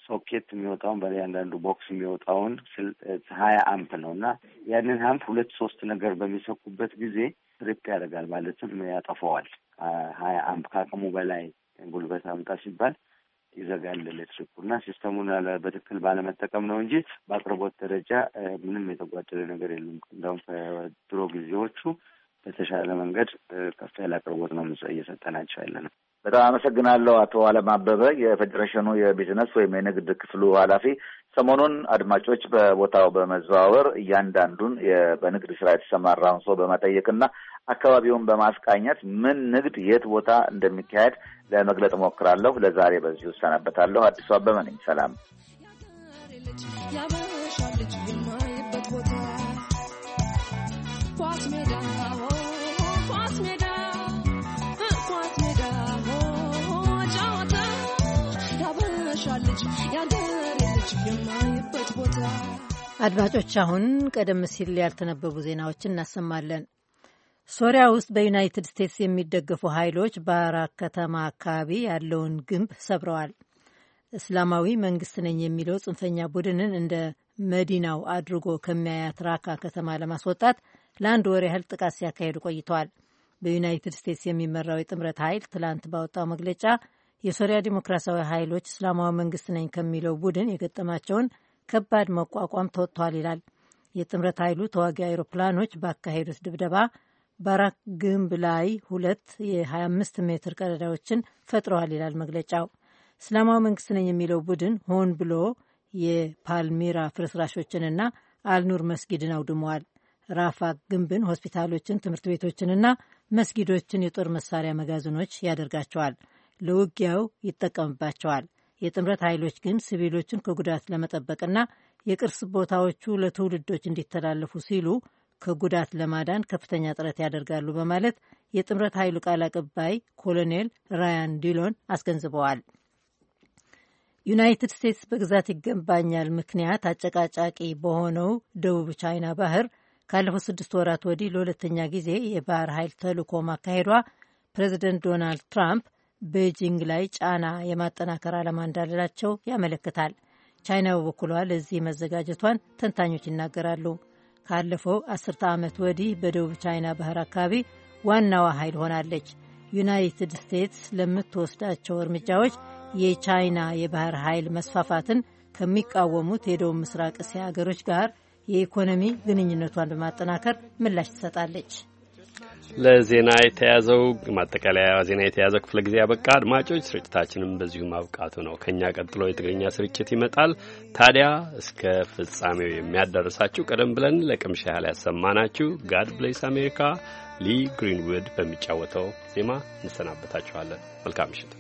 ሶኬት የሚወጣውን በእያንዳንዱ ቦክስ የሚወጣውን ሀያ አምፕ ነው እና ያንን አምፕ ሁለት ሶስት ነገር በሚሰኩበት ጊዜ ትሪፕ ያደርጋል፣ ማለትም ያጠፈዋል። ሀያ አምፕ ከአቅሙ በላይ ጉልበት አምጣ ሲባል ይዘጋል እና ሲስተሙን በትክክል ባለመጠቀም ነው እንጂ በአቅርቦት ደረጃ ምንም የተጓደለ ነገር የለም። እንዲሁም ከድሮ ጊዜዎቹ በተሻለ መንገድ ከፍ ያለ አቅርቦት ነው እየሰጠናቸው ያለ ነው። በጣም አመሰግናለሁ አቶ አለም አበበ የፌዴሬሽኑ የቢዝነስ ወይም የንግድ ክፍሉ ኃላፊ ሰሞኑን አድማጮች በቦታው በመዘዋወር እያንዳንዱን በንግድ ስራ የተሰማራውን ሰው በመጠየቅና አካባቢውን በማስቃኘት ምን ንግድ የት ቦታ እንደሚካሄድ ለመግለጥ እሞክራለሁ። ለዛሬ በዚሁ እሰናበታለሁ። አዲሱ አበበ ነኝ። ሰላም። ኳስ ሜዳ የማይበት ቦታ። አድማጮች አሁን ቀደም ሲል ያልተነበቡ ዜናዎችን እናሰማለን። ሶሪያ ውስጥ በዩናይትድ ስቴትስ የሚደገፉ ኃይሎች ባራክ ከተማ አካባቢ ያለውን ግንብ ሰብረዋል። እስላማዊ መንግስት ነኝ የሚለው ጽንፈኛ ቡድንን እንደ መዲናው አድርጎ ከሚያያት ራካ ከተማ ለማስወጣት ለአንድ ወር ያህል ጥቃት ሲያካሄዱ ቆይተዋል። በዩናይትድ ስቴትስ የሚመራው የጥምረት ኃይል ትላንት ባወጣው መግለጫ የሶሪያ ዲሞክራሲያዊ ኃይሎች እስላማዊ መንግስት ነኝ ከሚለው ቡድን የገጠማቸውን ከባድ መቋቋም ተወጥቷል ይላል። የጥምረት ኃይሉ ተዋጊ አይሮፕላኖች ባካሄዱት ድብደባ ባራክ ግንብ ላይ ሁለት የ25 ሜትር ቀዳዳዎችን ፈጥረዋል ይላል መግለጫው። እስላማዊ መንግስት ነኝ የሚለው ቡድን ሆን ብሎ የፓልሚራ ፍርስራሾችንና አልኑር መስጊድን አውድመዋል። ራፋ ግንብን፣ ሆስፒታሎችን፣ ትምህርት ቤቶችንና መስጊዶችን የጦር መሳሪያ መጋዘኖች ያደርጋቸዋል። ለውጊያው ይጠቀምባቸዋል። የጥምረት ኃይሎች ግን ሲቪሎችን ከጉዳት ለመጠበቅና የቅርስ ቦታዎቹ ለትውልዶች እንዲተላለፉ ሲሉ ከጉዳት ለማዳን ከፍተኛ ጥረት ያደርጋሉ በማለት የጥምረት ኃይሉ ቃል አቀባይ ኮሎኔል ራያን ዲሎን አስገንዝበዋል። ዩናይትድ ስቴትስ በግዛት ይገባኛል ምክንያት አጨቃጫቂ በሆነው ደቡብ ቻይና ባህር ካለፉት ስድስት ወራት ወዲህ ለሁለተኛ ጊዜ የባህር ኃይል ተልዕኮ ማካሄዷ ፕሬዚደንት ዶናልድ ትራምፕ ቤጂንግ ላይ ጫና የማጠናከር ዓላማ እንዳላቸው ያመለክታል። ቻይና በበኩሏ ለዚህ መዘጋጀቷን ተንታኞች ይናገራሉ። ካለፈው አስርተ ዓመት ወዲህ በደቡብ ቻይና ባህር አካባቢ ዋናዋ ኃይል ሆናለች። ዩናይትድ ስቴትስ ለምትወስዳቸው እርምጃዎች የቻይና የባህር ኃይል መስፋፋትን ከሚቃወሙት የደቡብ ምስራቅ እስያ ሀገሮች ጋር የኢኮኖሚ ግንኙነቷን በማጠናከር ምላሽ ትሰጣለች። ለዜና የተያዘው ማጠቃለያ ዜና የተያዘው ክፍለ ጊዜ ያበቃ። አድማጮች ስርጭታችንም በዚሁ ማብቃቱ ነው። ከእኛ ቀጥሎ የትግርኛ ስርጭት ይመጣል። ታዲያ እስከ ፍጻሜው የሚያዳርሳችሁ ቀደም ብለን ለቅምሻ ያህል ያሰማናችሁ ጋድ ብሌስ አሜሪካ ሊ ግሪንውድ በሚጫወተው ዜማ እንሰናበታችኋለን። መልካም ምሽት።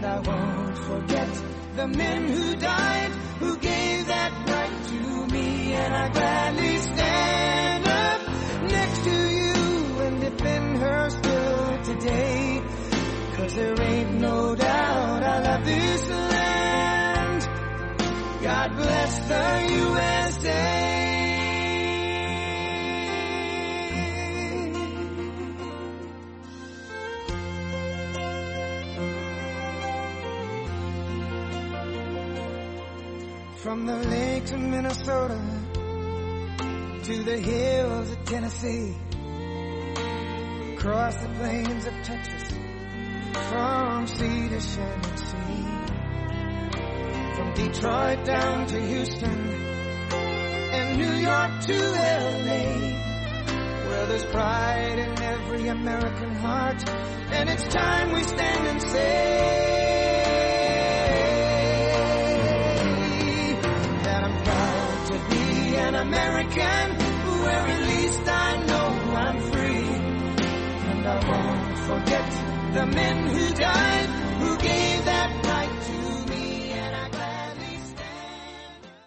And I won't forget the men who died, who gave that right to me, and I gladly stand up next to you and defend her still today. Cause there ain't no doubt I love this land. God bless the USA. From the lakes of Minnesota to the hills of Tennessee, across the plains of Texas, from sea to shining Sea, from Detroit down to Houston, and New York to LA. Well, there's pride in every American heart, and it's time we stand and say, American, where at least I know I'm free. And I won't forget the men who died, who gave that